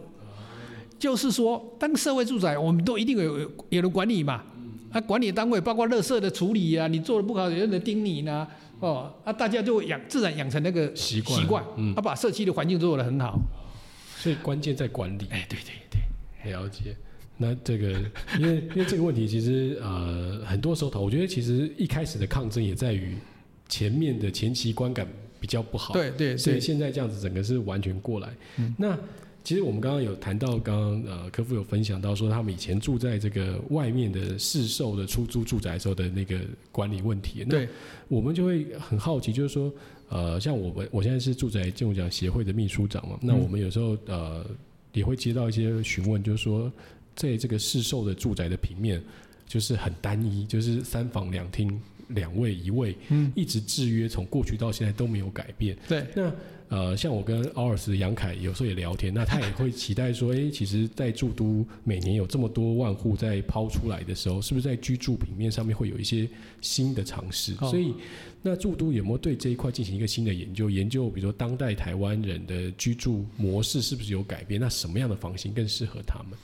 就是說，當社會住宅，我們都一定有有，有的人管理嘛。嗯。管理單位包括垃圾的處理呀，啊，你做的不好，有人盯你呢。哦，啊。那大家就養自然養成那個習慣。習慣。嗯。啊、把社區的環境做的很好。最關鍵在管理。哎，對對對，了解。那這個，因為因為這個問題，其實呃，很多時候，我覺得其實一開始的抗爭也在於前面的前期觀感比較不好。對對對。對對，所以現在這樣子，整個是完全過來。嗯、那其實我們剛剛有談到，剛剛呃，柯副有分享到說，他們以前住在這個外面的市售的出租住宅的時候的那個管理問題。對。那我們就會很好奇，就是說。呃，像我們我現在是住宅建築獎協會的秘書長嘛，嗯、那我們有時候呃也會接到一些詢問，就是說在這個市售的住宅的平面就是很單一，就是三房兩廳兩衛一衛，嗯，一直制約從過去到現在都沒有改變，對，那。呃，像我跟奧爾斯的楊凱有時候也聊天，那他也會期待說，哎， 其實，在住都每年有這麼多萬戶在拋出來的時候，是不是在居住平面上面會有一些新的嘗試？哦、所以，那住都有沒有對這一塊進行一個新的研究？研究，比如說當代台灣人的居住模式是不是有改變？那什麼樣的房型更適合他們？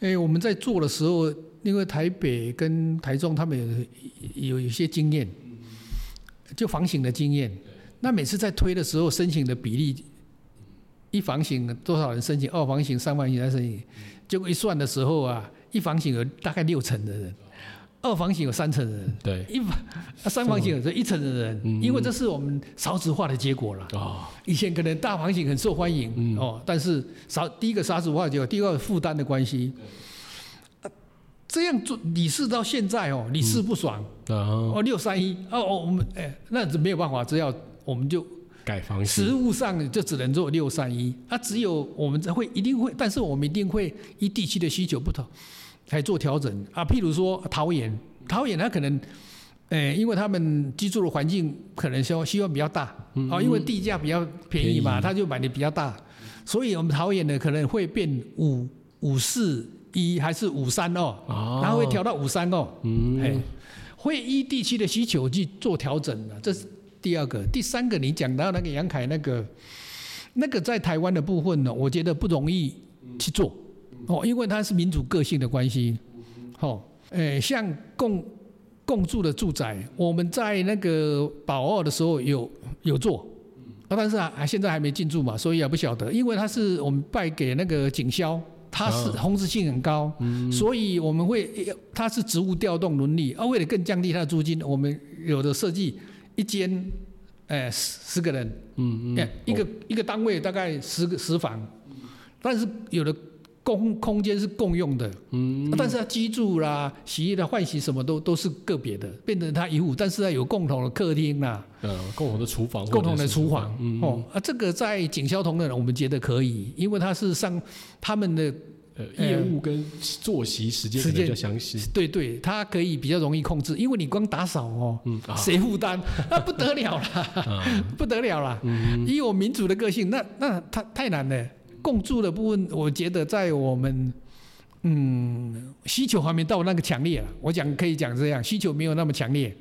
哎，我們在做的時候，因為台北跟台中他們有有一些經驗，就房型的經驗。那每次在推的時候，申請的比例，一房型多少人申請？二房型、三房型來申請？結果一算的時候啊，一房型有大概六成的人，二房型有三成的人，對，一房三房型有一成的人，嗯、因為這是我們少子化的結果了。哦、嗯，以前可能大房型很受歡迎，哦、嗯喔，但是少第一個少子化結果，第二個負擔的關係對、啊，這樣做理事到現在哦、喔，理事不爽，哦、嗯，六三一，哦、嗯、哦、喔，我們哎，那就沒有辦法，只要。我們就改方向，實務上就只能做六三一。啊，只有我們會一定會，但是我們一定會依地區的需求不同來做調整啊。譬如說桃園，桃園它可能，誒、哎，因為他們居住的環境可能希希望比較大，啊，因為地價比較便宜嘛，他宜就買的比較大。所以，我們桃園呢可能會變五五四一還是五三二，然後會調到五三二，嗯、哎，會依地區的需求去做調整的，這是。第二個、第三個，你講到那個楊凱那個，那個在台灣的部分呢，我覺得不容易去做哦，因為它是民主個性的關係。哦，誒，像共共住的住宅，我們在那個保二的時候有有做，但是啊現在還沒進駐嘛，所以也不曉得，因為它是我們敗給那個景霄，它是紅吸性很高，所以我們會它是職務調動倫理，啊，為了更降低它的租金，我們有的設計。一間，十十個人，嗯嗯，嗯一個、哦、一個單位大概十個十房，但是有的空間是共用的，嗯，嗯但是他居住啦、洗衣啦、換洗什麼都都是個別的，變成他一戶，但是他有共同的客廳啦，呃、嗯，共同的廚房，共同的廚房，嗯嗯、哦，啊，這個在警消同仁我們覺得可以，因為他是上他們的。呃、業務跟作息時間比較詳細，對，對對，它可以比較容易控制，因為你光打掃哦、喔，嗯，誰負擔？那、啊、不得了啦，啊、不得了啦，嗯、以我民主的個性，那那他太難了。共住的部分，我覺得在我們，嗯，需求還沒到那個強烈了。我講可以講這樣，需求沒有那麼強烈。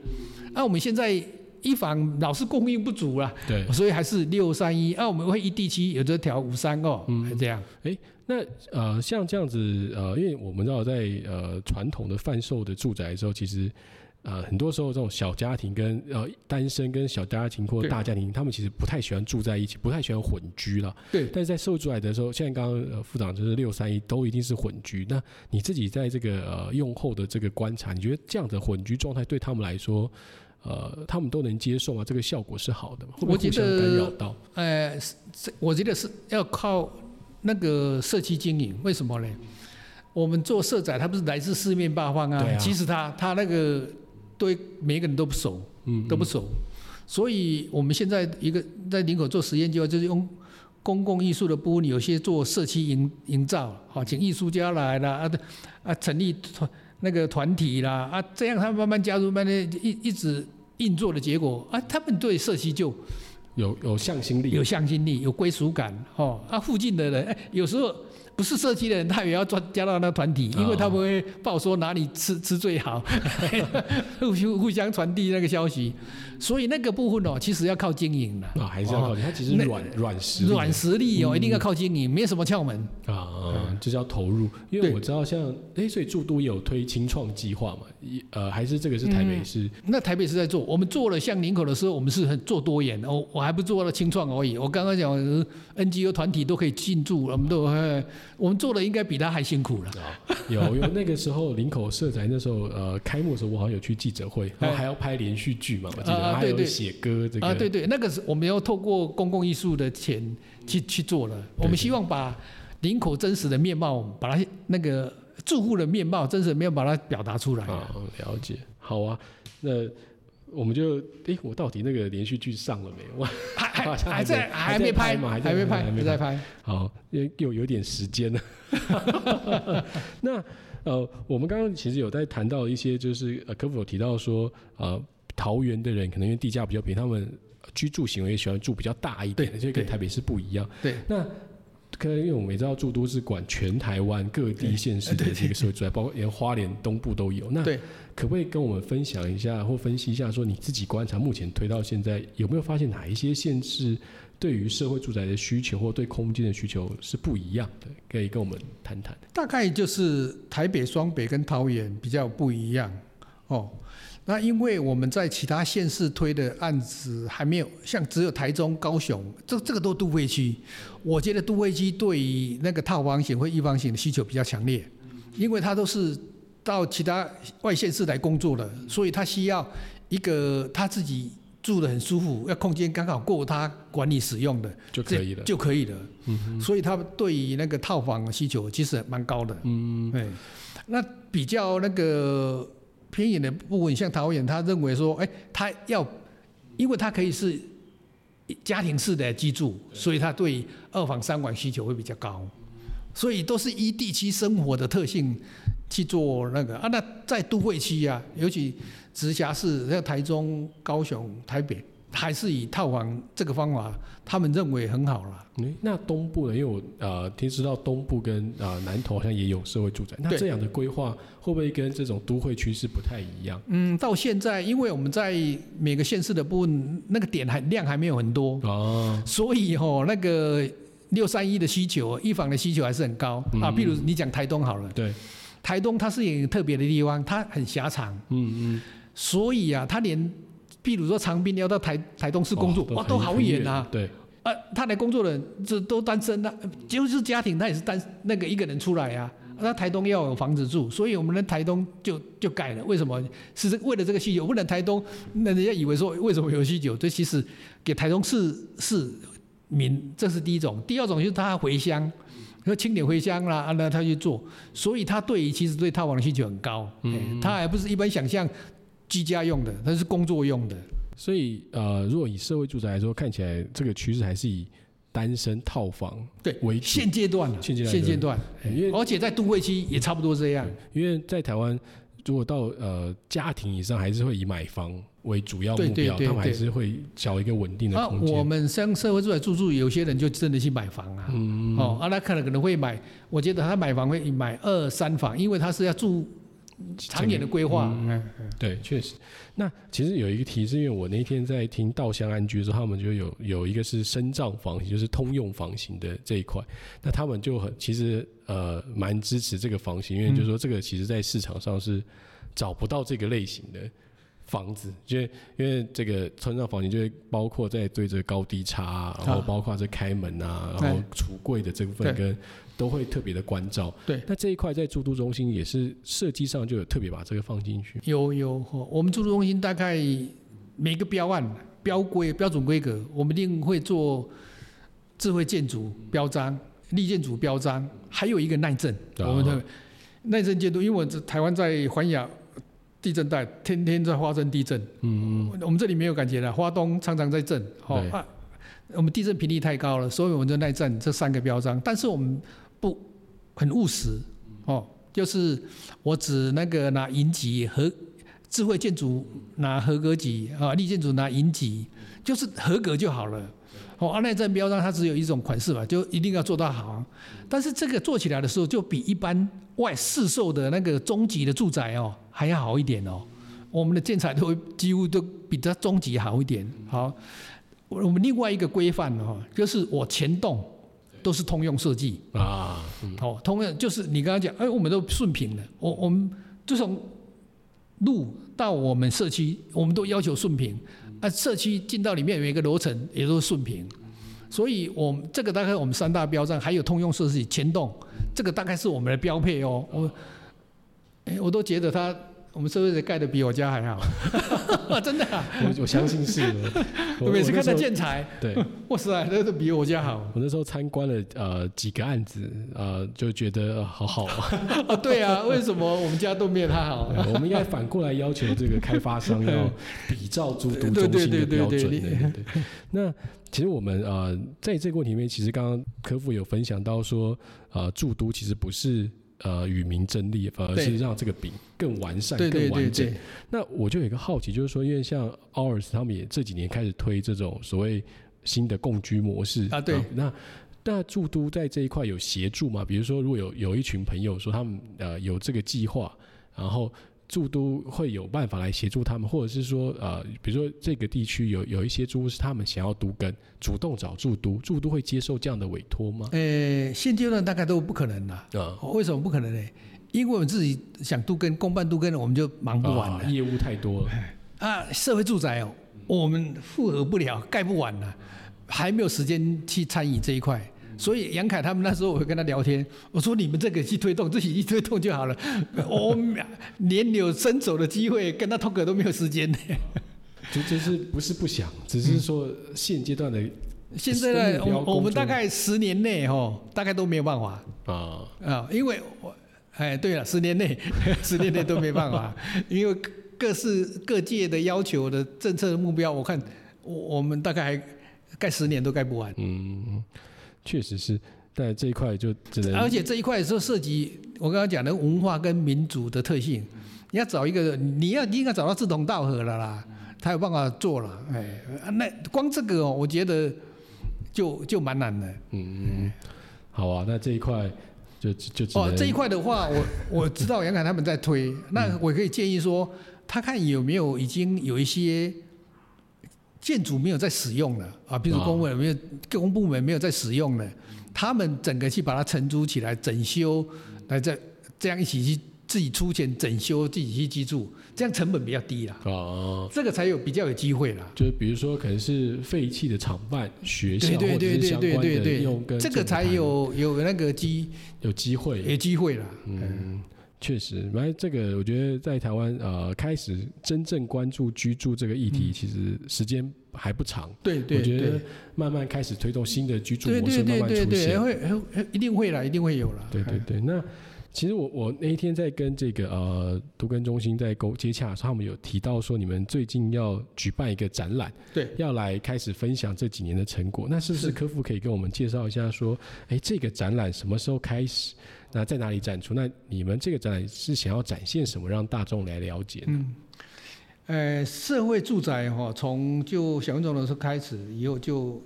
那、啊、我們現在。一房老是供應不足了，對，所以還是六三一啊，我們會一地七，有這條五三哦，嗯，這樣，哎、嗯，那呃，像這樣子呃，因為我們知道在呃傳統的販售的住宅的時候，其實呃很多時候這種小家庭跟呃單身跟小家庭或者大家庭，對他們其實不太喜歡住在一起，不太喜歡混居了，對。但是在社會住宅的時候，現在剛剛副長就是六三一都一定是混居，那你自己在這個呃用後的這個觀察，你覺得這樣的混居狀態對他們來說？呃，他們都能接受啊，這個效果是好的，會會我覺得，哎、呃，我覺得是要靠那個社區經營，為什麼呢？我們做社宅，他不是來自四面八方啊，啊其實他他那個對每個人都不熟，嗯，都不熟。嗯嗯所以我們現在一個在林口做實驗，就要就是用公共藝術的玻璃，有些做社區營營造，好，請藝術家來了啊，啊，成立團那個團體啦啊，這樣他們慢慢加入，慢慢一一直。運作的結果，啊，他們對社區就有有向心力，有向心力，有歸屬感，吼、哦，啊，附近的人，哎、欸，有時候。不是設計的人，他也要加到那團體，因為他們會報說哪裡吃吃最好，啊、 互相互相傳遞那個消息，所以那個部分哦，其實要靠經營的。啊，還是要靠哇它其實軟軟那實力，軟實力哦，嗯、一定要靠經營，沒什麼竅門啊，這、就、叫、是、投入。因為我知道像，像哎對、欸，所以住都有推青創計劃嘛，一呃，還是這個是台北市、嗯。那台北市在做，我們做了像林口的時候，我們是很做多元的，我我還不做了青創而已。我剛剛講 NGO 團體都可以進駐，嗯、我們都。我們做的應該比他還辛苦了、哦。有有那個時候林口社宅那時候呃開幕的時候我好像有去記者會， 然後還要拍連續劇嘛，我記得、呃、對對還有寫歌這個。啊、呃、對對，那個是我們要透過公共藝術的錢去去做了，嗯、我們希望把林口真實的面貌，對對把它那個住戶的面貌真實沒有把它表達出來。啊、哦，了解，好啊，那。我們就誒、欸，我到底那個連續劇上了沒有還？還還還沒在還沒拍還沒拍，還在拍。好，有有點時間了。那呃，我們剛剛其實有在談到一些，就是柯副有提到說，呃桃園的人可能因為地價比較便宜，他們居住行為也喜歡住比較大一點，對就跟台北是不一樣。對，對那。可能因為我們也知道，住都是管全台灣各地縣市的這個社會住宅，包括連花蓮東部都有。那對，可不可以跟我們分享一下，或分析一下，說你自己觀察目前推到現在，有沒有發現哪一些縣市對於社會住宅的需求，或對空間的需求是不一樣的？可以跟我們談談，大概就是台北、雙北跟桃園比較不一樣哦。那因為我們在其他縣市推的案子還沒有，像只有台中、高雄，這這個都都會區。我覺得都會區對於那個套房型或一房型的需求比較強烈，因為他都是到其他外縣市來工作的，所以他需要一個他自己住得很舒服，要空間剛好夠他管理使用的就可以了，就可以了。嗯哼，所以他對於那個套房的需求其實蠻高的。嗯，那比較那個。偏遠的部分，像桃園，他認為說，哎、欸，他要，因為他可以是家庭式的居住，所以他對二房三房需求會比較高，所以都是依地區生活的特性去做那個啊。那在都會區啊，尤其直轄市，像台中、高雄、台北。還是以套房這個方法，他們認為很好了。哎，那東部呢？因為我呃，聽知道東部跟啊、呃、南投好像也有社會住宅。那這樣的規劃會不會跟這種都會趨勢不太一樣？嗯，到現在，因為我們在每個縣市的部分，那個點還量還沒有很多哦，所以吼、哦，那個六三一的需求，一房的需求還是很高、嗯、啊。譬如你講台東好了，對，台東它是一個特別的地方，它很狹長，嗯嗯，所以啊，它連。比如說，長濱要到台台東市工作，哦、哇，都好遠啊遠！對，啊，他來工作的這都單身的、啊，就是家庭他也是單那個一個人出來啊。那台東要有房子住，所以我們在台東就就改了。為什麼？是為了這個需求，不然台東那人家以為說，為什麼有需求？這其實給台東市市民，這是第一種。第二種就是他回鄉，說清點回鄉啦、啊，那他去做，所以他對其實對套房的需求很高。嗯、欸，他還不是一般想象，居家用的，它是工作用的。所以，呃，如果以社會住宅來說，看起來這個趨勢還是以單身套房為對為現階段，現階段，而且在都會區也差不多這樣。因為在台灣，如果到呃家庭以上，還是會以買房為主要目標，對對對對，他們還是會找一個穩定的空間。啊、我們像社會住宅住住，有些人就真的去買房啊。嗯、哦，那可能可能會買，我覺得他買房會買二三房，因為他是要住。長年的規劃，嗯，對，確實。那其實有一個提示，因為我那天在聽稻香安居之後，他們就有有一個是身障房型，就是通用房型的這一塊。那他們就很其實呃，蠻支持這個房型，因為就是說這個其實在市場上是找不到這個類型的。嗯房子，因為因為這個村上房間就包括在對着高低差、啊，啊、然後包括在開門啊，啊然後櫥櫃的這部分跟對都會特別的關照。對，那這一塊在住都中心也是設計上就有特別把這個放進去。有有我們住都中心大概每個標案標規標準規格，我們一定會做智慧建築標章、綠建築標章，還有一個耐震。對啊、我們的耐震建築，因為我這台灣在環亞。地震帶天天在發生地震，嗯，嗯我們這裡沒有感覺了。花東常常在震，對啊、我們地震頻率太高了，所以我們就耐震這三個標章。但是我們不很務實，哦，就是我只那個拿銀級和智慧建築拿合格級啊，力建築拿銀級，就是合格就好了。哦對，耐震、啊、標章它只有一種款式吧，就一定要做到好。但是這個做起來的時候，就比一般外市售的那個中級的住宅哦。還要好一點哦，我們的建材都幾乎都比較中級好一點。好，我們另外一個規範哦，就是我前棟都是通用設計啊，好、嗯哦，通用就是你剛剛講，哎，我們都順平的。我我們就從路到我們社區，我們都要求順平。啊，社區進到裡面有一個樓層，也都順平。所以我們，我這個大概我們三大標章，還有通用設計前棟，這個大概是我們的標配哦。我、哦。哎，我都覺得他我們是不是蓋的比我家還好， 真的，啊。我我相信是。我, 我每次看他建材，我對，哇塞，那都比我家好。我那時候參觀了呃幾個案子，呃就覺得、呃、好好。 啊，對啊，為什麼我們家都沒有他好、？ 啊。我們應該反過來要求這個開發商要比照住都中心的標準。對對對對對對。對，那其實我們啊、呃，在這個問題裡面，其實剛剛柯副有分享到說，啊、呃，住都其實不是。呃，與民爭利，反而是讓這個餅更完善、更完整。那我就有一個好奇，就是說，因為像 OURS 他們也這幾年開始推這種所謂新的共居模式、啊、對，那那住都在這一塊有協助嗎？比如說，如果有有一群朋友說他們呃有這個計劃，然後，住都會有辦法來協助他們，或者是說，呃，比如說這個地區有有一些租屋是他們想要都更，主動找住都，住都會接受這樣的委託嗎？呃，現階段大概都不可能了。嗯，為什麼不可能呢？因為我們自己想都更、公辦都更，我們就忙不完了，啊，業務太多了。啊，社會住宅哦，我們負荷不了，蓋不完了，啊，還沒有時間去參與這一塊。所以楊凱他們那時候，我會跟他聊天，我說你們這個去推動，自己一推動就好了。我連有伸手的機會跟他通個、er、都沒有時間呢。就就是不是不想，只是說現階段的。嗯、現在，在我，我們大概十年內哈、哦，大概都沒有辦法啊啊，因為我哎對了，十年內十年內都沒辦法， 因為各式各界的要求的政策目標，我看我我們大概還蓋十年都蓋不完，嗯。確實是，但這一塊就只能。而且這一塊是涉及我剛剛講的文化跟民族的特性，嗯、你要找一個，你要你應該找到志同道合的啦，嗯、他有辦法做了，哎、欸，那光這個我覺得就就蠻難的。嗯，好啊，那這一塊就就哦，這一塊的話，我我知道楊凱他們在推，嗯、那我可以建議說，他看有沒有已經有一些。建築沒有在使用的啊，比如公務員，沒有，公務、啊、部門沒有在使用的，他們整個去把它承租起來，整修來再這樣一起去自己出錢整修，自己去居住，這樣成本比較低啦。哦、啊，這個才有比較有機會啦。就是比如說，可能是廢棄的廠辦、學校，或者是相關的用跟個，對對對對，這個才有有那個機有機會，有機會啦。嗯。嗯確實，反正這個我覺得在台灣呃，開始真正關注居住這個議題，嗯、其實時間還不長。對對對，我覺得慢慢開始推動新的居住模式，慢慢出現，對對對對對對會，會一定會了，一定會有了。對，對對對，哎、那。其實我我那一天在跟這個呃住都中心在溝接洽的時候，他們有提到說你們最近要舉辦一個展覽，對，要來開始分享這幾年的成果。那是不是柯副可以跟我們介紹一下說，的誒，這個展覽什麼時候開始？那在哪裡展出？那你們這個展覽是想要展現什麼，讓大眾來了解呢？嗯、呃，社會住宅哈、哦，從就小英總統的時候開始以後就，就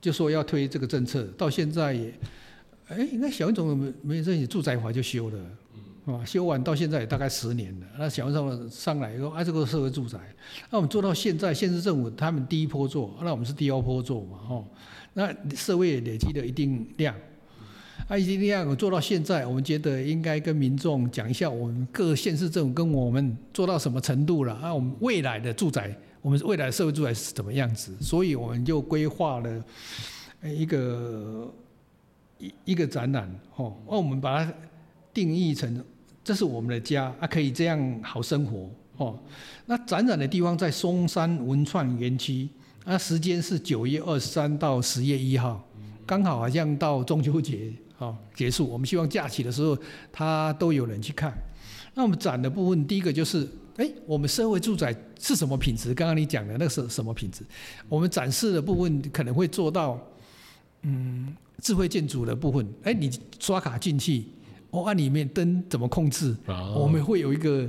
就說要推這個政策，到現在也。哎，應該小雲總沒沒在，你住宅法就修了，啊，修完到現在也大概十年了。那小雲總上來以後，哎、啊，這個是社會住宅，那我們做到現在，縣市政府他們第一波做，那我們是第二波做嘛，吼、哦，那社會也累積了一定量，好啊，一定量，我做到現在，我們覺得應該跟民眾講一下，我們各縣市政府跟我們做到什麼程度了，啊，我們未來的住宅，我們未來的社會住宅是怎麼樣子，所以我們就規劃了，一個。一一個展覽，哦，那我們把它定義成，這是我們的家，啊，可以這樣好生活，哦，那展覽的地方在松山文創園區，那時間是九月二十三到十月一號，剛好好像到中秋節，哦，結束。我們希望假期的時候，它都有人去看。那我們展的部分，第一個就是，誒，我們社會住宅是什麼品質？剛剛你講的那個是什麼品質？我們展示的部分可能會做到。嗯，智慧建築的部分，哎，你刷卡進去，我、哦、按、啊、裡面燈怎麼控制？啊哦、我們會有一個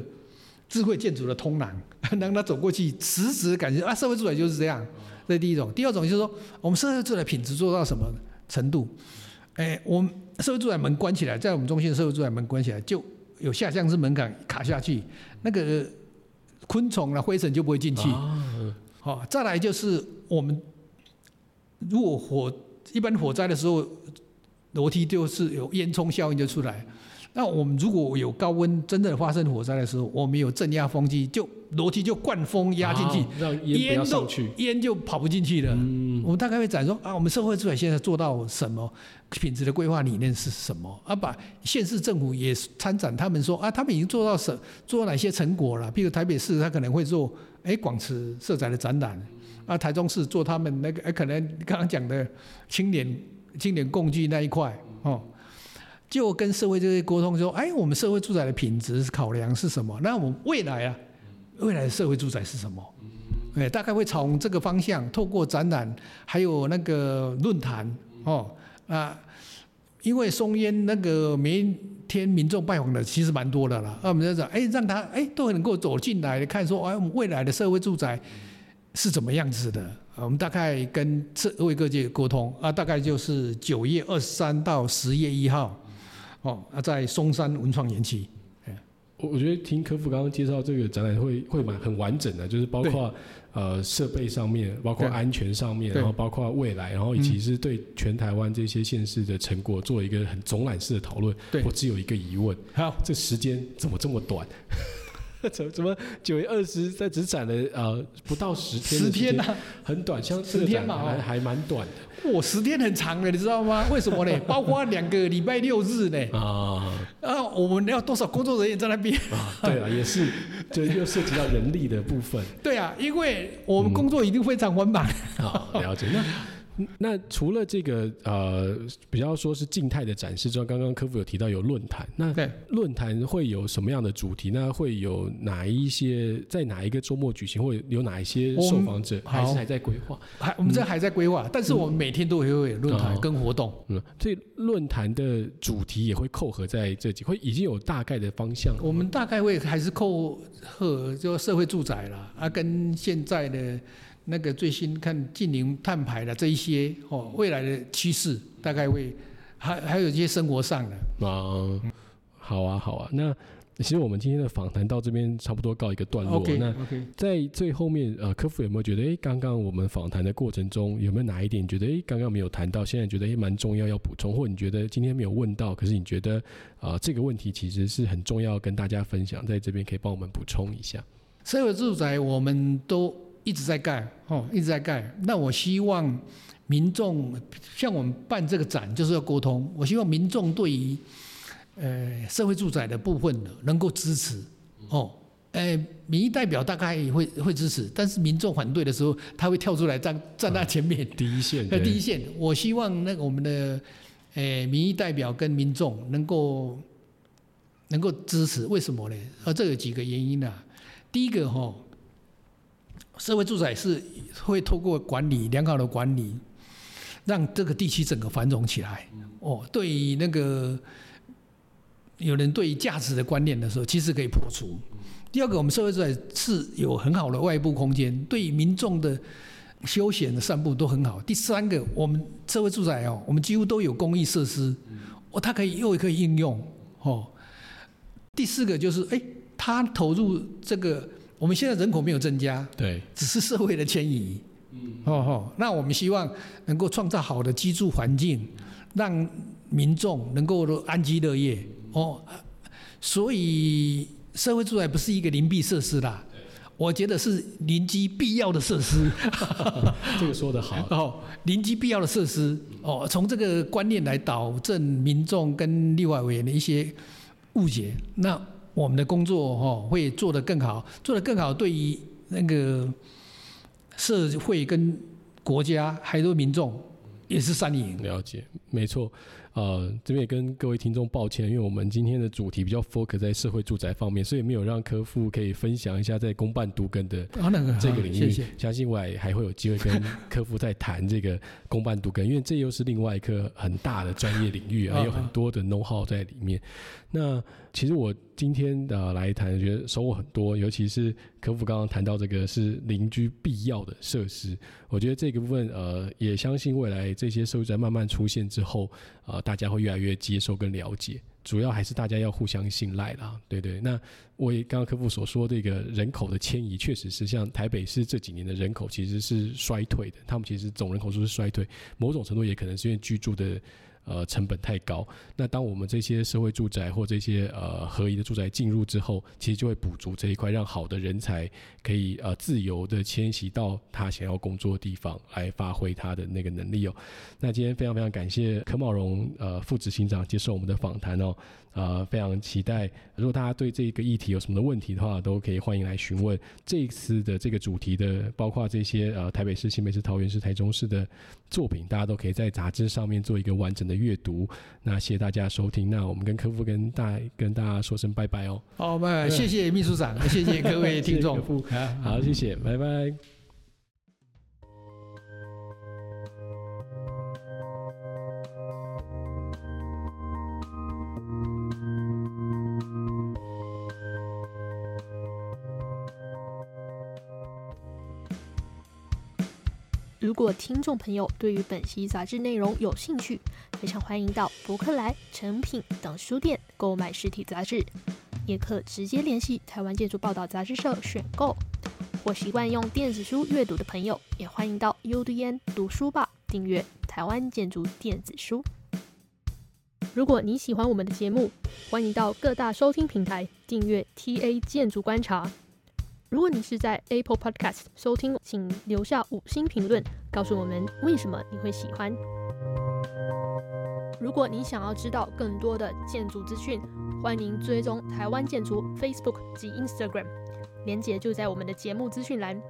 智慧建築的通廊，讓他走過去，實時感覺啊，社會住宅就是這樣。這第一種，第二種就是說，我們社會住宅品質做到什麼程度？哎，我們社會住宅門關起來，在我們中心的社會住宅門關起來，就有下降式門檻卡下去，那個昆蟲啊、灰塵就不會進去。好、啊哦，再來就是我們如果火。一般火災的時候，樓梯就是有煙囪效應就出來。那我們如果有高溫，真的發生火災的時候，我們有正壓風機，就樓梯就灌風壓進去，煙就煙就跑不進去了。嗯、我們大概會講說啊，我們社會住宅現在做到什麼品質的規劃理念是什麼？啊，把縣市政府也參展，他們說啊，他們已經做到什，做哪些成果了？比如台北市，他可能會做哎，廣慈社宅的展覽。啊，台中市做他們那個，哎，可能剛剛講的青年、青年共聚那一塊哦，就跟社會這些溝通說，哎，我們社會住宅的品質考量是什麼？那我們未來啊，未來的社會住宅是什麼？哎，大概會從這個方向，透過展覽還有那個論壇哦啊，因為松菸那個每天民眾拜訪的其實蠻多的了，啊，我們就講，哎，讓他哎都能夠走進來看說，哎，我們未來的社會住宅。是怎麼樣子的？我們大概跟各位各界溝通啊，大概就是九月二十三到十月一號，哦，啊，在松山文創園區，我我覺得聽柯副剛剛介紹這個展覽會會蠻很完整的，就是包括對呃設備上面，包括安全上面，對然後包括未來，然後以及是對全台灣這些縣市的成果做一個很總覽式的討論。對我只有一個疑問，好這時間怎麼這麼短？怎怎麼九月二十在只展了呃不到十天，十天吶、啊，很短，像十天嘛，還蠻短的。我、哦哦、十天很長的你知道嗎？為什麼呢？ 包括兩個禮拜六日呢。哦、啊，那我們要多少工作人員在那邊、哦？對啊，也是，這又涉及到人力的部分。 對啊，因為我們工作一定非常繁忙。好、嗯哦，了解。那。那除了這個呃，比較說是靜態的展示之外，剛剛柯副有提到有論壇，那論壇會有什麼樣的主題？那會有哪一些？在哪一個週末舉行？會有哪一些受訪者？Oh, 還是還在規劃？好嗯、還我們這還在規劃，嗯、但是我們每天都會有論壇跟活動嗯。嗯，所以論壇的主題也會扣合在這幾塊，會已經有大概的方向。我們大概會還是扣合就社會住宅啦，啊，跟現在的。那個最新看近零碳排的這一些、哦、未來的趨勢大概會還還有一些生活上的啊，好啊好啊。那其實我們今天的訪談到這邊差不多告一個段落。Okay, 那在最後面啊 okay、呃，柯副有沒有覺得誒，剛、欸、剛我們訪談的過程中有沒有哪一點覺得誒，剛、欸、剛沒有談到，現在覺得誒蠻、欸、重要要補充，或你覺得今天沒有問到，可是你覺得啊、呃、這個問題其實是很重要，跟大家分享，在這邊可以幫我們補充一下。社會住宅我們都，一直在蓋，哦，一直在蓋。那我希望民眾，像我們辦這個展，就是要溝通。我希望民眾對於，呃，社會住宅的部分能夠支持，哦，呃，民意代表大概也會會支持，但是民眾反對的時候，他會跳出來站站在前面、啊，第一線，哎、第一線。我希望那個我們的，呃，民意代表跟民眾能夠，能夠支持。為什麼呢？呃、啊，這有幾個原因呢、啊。第一個、哦，哈。社會住宅是會透過管理，良好的管理，讓這個地區整個繁榮起來。哦，對於那個有人對價值的觀念的時候，其實可以破除。第二個，我們社會住宅是有很好的外部空間，對民眾的休閒的散步都很好。第三個，我們社會住宅哦，我們幾乎都有公益設施，哦，它可以又可以應用哦。第四個就是，哎，它投入這個。我們現在人口沒有增加，對，只是社會的遷移。嗯、哦吼，那我們希望能夠創造好的居住環境，嗯、讓民眾能夠安居樂業。哦，所以社會住宅不是一個鄰避設施啦，對我覺得是鄰居必要的設施。這個說得好哦，鄰居必要的設施哦，從這個觀念來導正民眾跟立法委員的一些誤解。那我們的工作哈會做得更好，做得更好，對於那個社會跟國家還有對民眾也是三贏。了解，沒錯，呃，這邊也跟各位聽眾抱歉，因為我們今天的主題比較 focus 在社會住宅方面，所以沒有讓柯副可以分享一下在公辦都更的這個領域。那個、謝謝。相信我還還會有機會跟柯副再談這個公辦都更， 因為這又是另外一個很大的專業領域，還有很多的 know how 在裡面。那其實我今天呃來談，覺得收穫很多，尤其是柯副剛剛談到這個是鄰居必要的設施，我覺得這個部分呃也相信未來這些設施在慢慢出現之後，呃大家會越來越接受跟了解，主要還是大家要互相信賴啦。對，對對。那我也剛剛柯副所說這個人口的遷移，確實是像台北市這幾年的人口其實是衰退的，他們其實總人口數是衰退，某種程度也可能是因為居住的。呃，成本太高。那當我們這些社會住宅或這些呃合宜的住宅進入之後，其實就會補足這一塊，讓好的人才可以呃自由的遷徙到他想要工作的地方，來發揮他的那個能力哦。那今天非常非常感謝柯茂榮呃副執行長接受我們的訪談哦。呃，非常期待。如果大家對這個議題有什麼問題的話，都可以歡迎來詢問。這一次的這個主題的，包括這些呃台北市、新北市、桃園市、台中市的作品，大家都可以在雜誌上面做一個完整的。閱讀。那謝謝大家收聽，那我們跟柯副跟大跟大家說聲拜拜哦，好拜拜。對謝謝秘書長， 謝謝各位聽眾，好謝謝，拜拜。如果聽眾朋友對於本期雜誌內容有興趣，非常歡迎到博客來、誠品等書店購買實體雜誌，也可直接聯繫台灣建築報道雜誌社選購。或習慣用電子書閱讀的朋友，也歡迎到 UDN 讀書吧訂閱台灣建築電子書。如果你喜歡我們的節目，歡迎到各大收聽平台訂閱 TA 建築觀察。如果你是在 Apple Podcast 收聽，請留下五星評論，告訴我們為什麼你會喜歡。如果你想要知道更多的建築資訊，歡迎追蹤台灣建築 Facebook 及 Instagram，連結就在我們的節目資訊欄。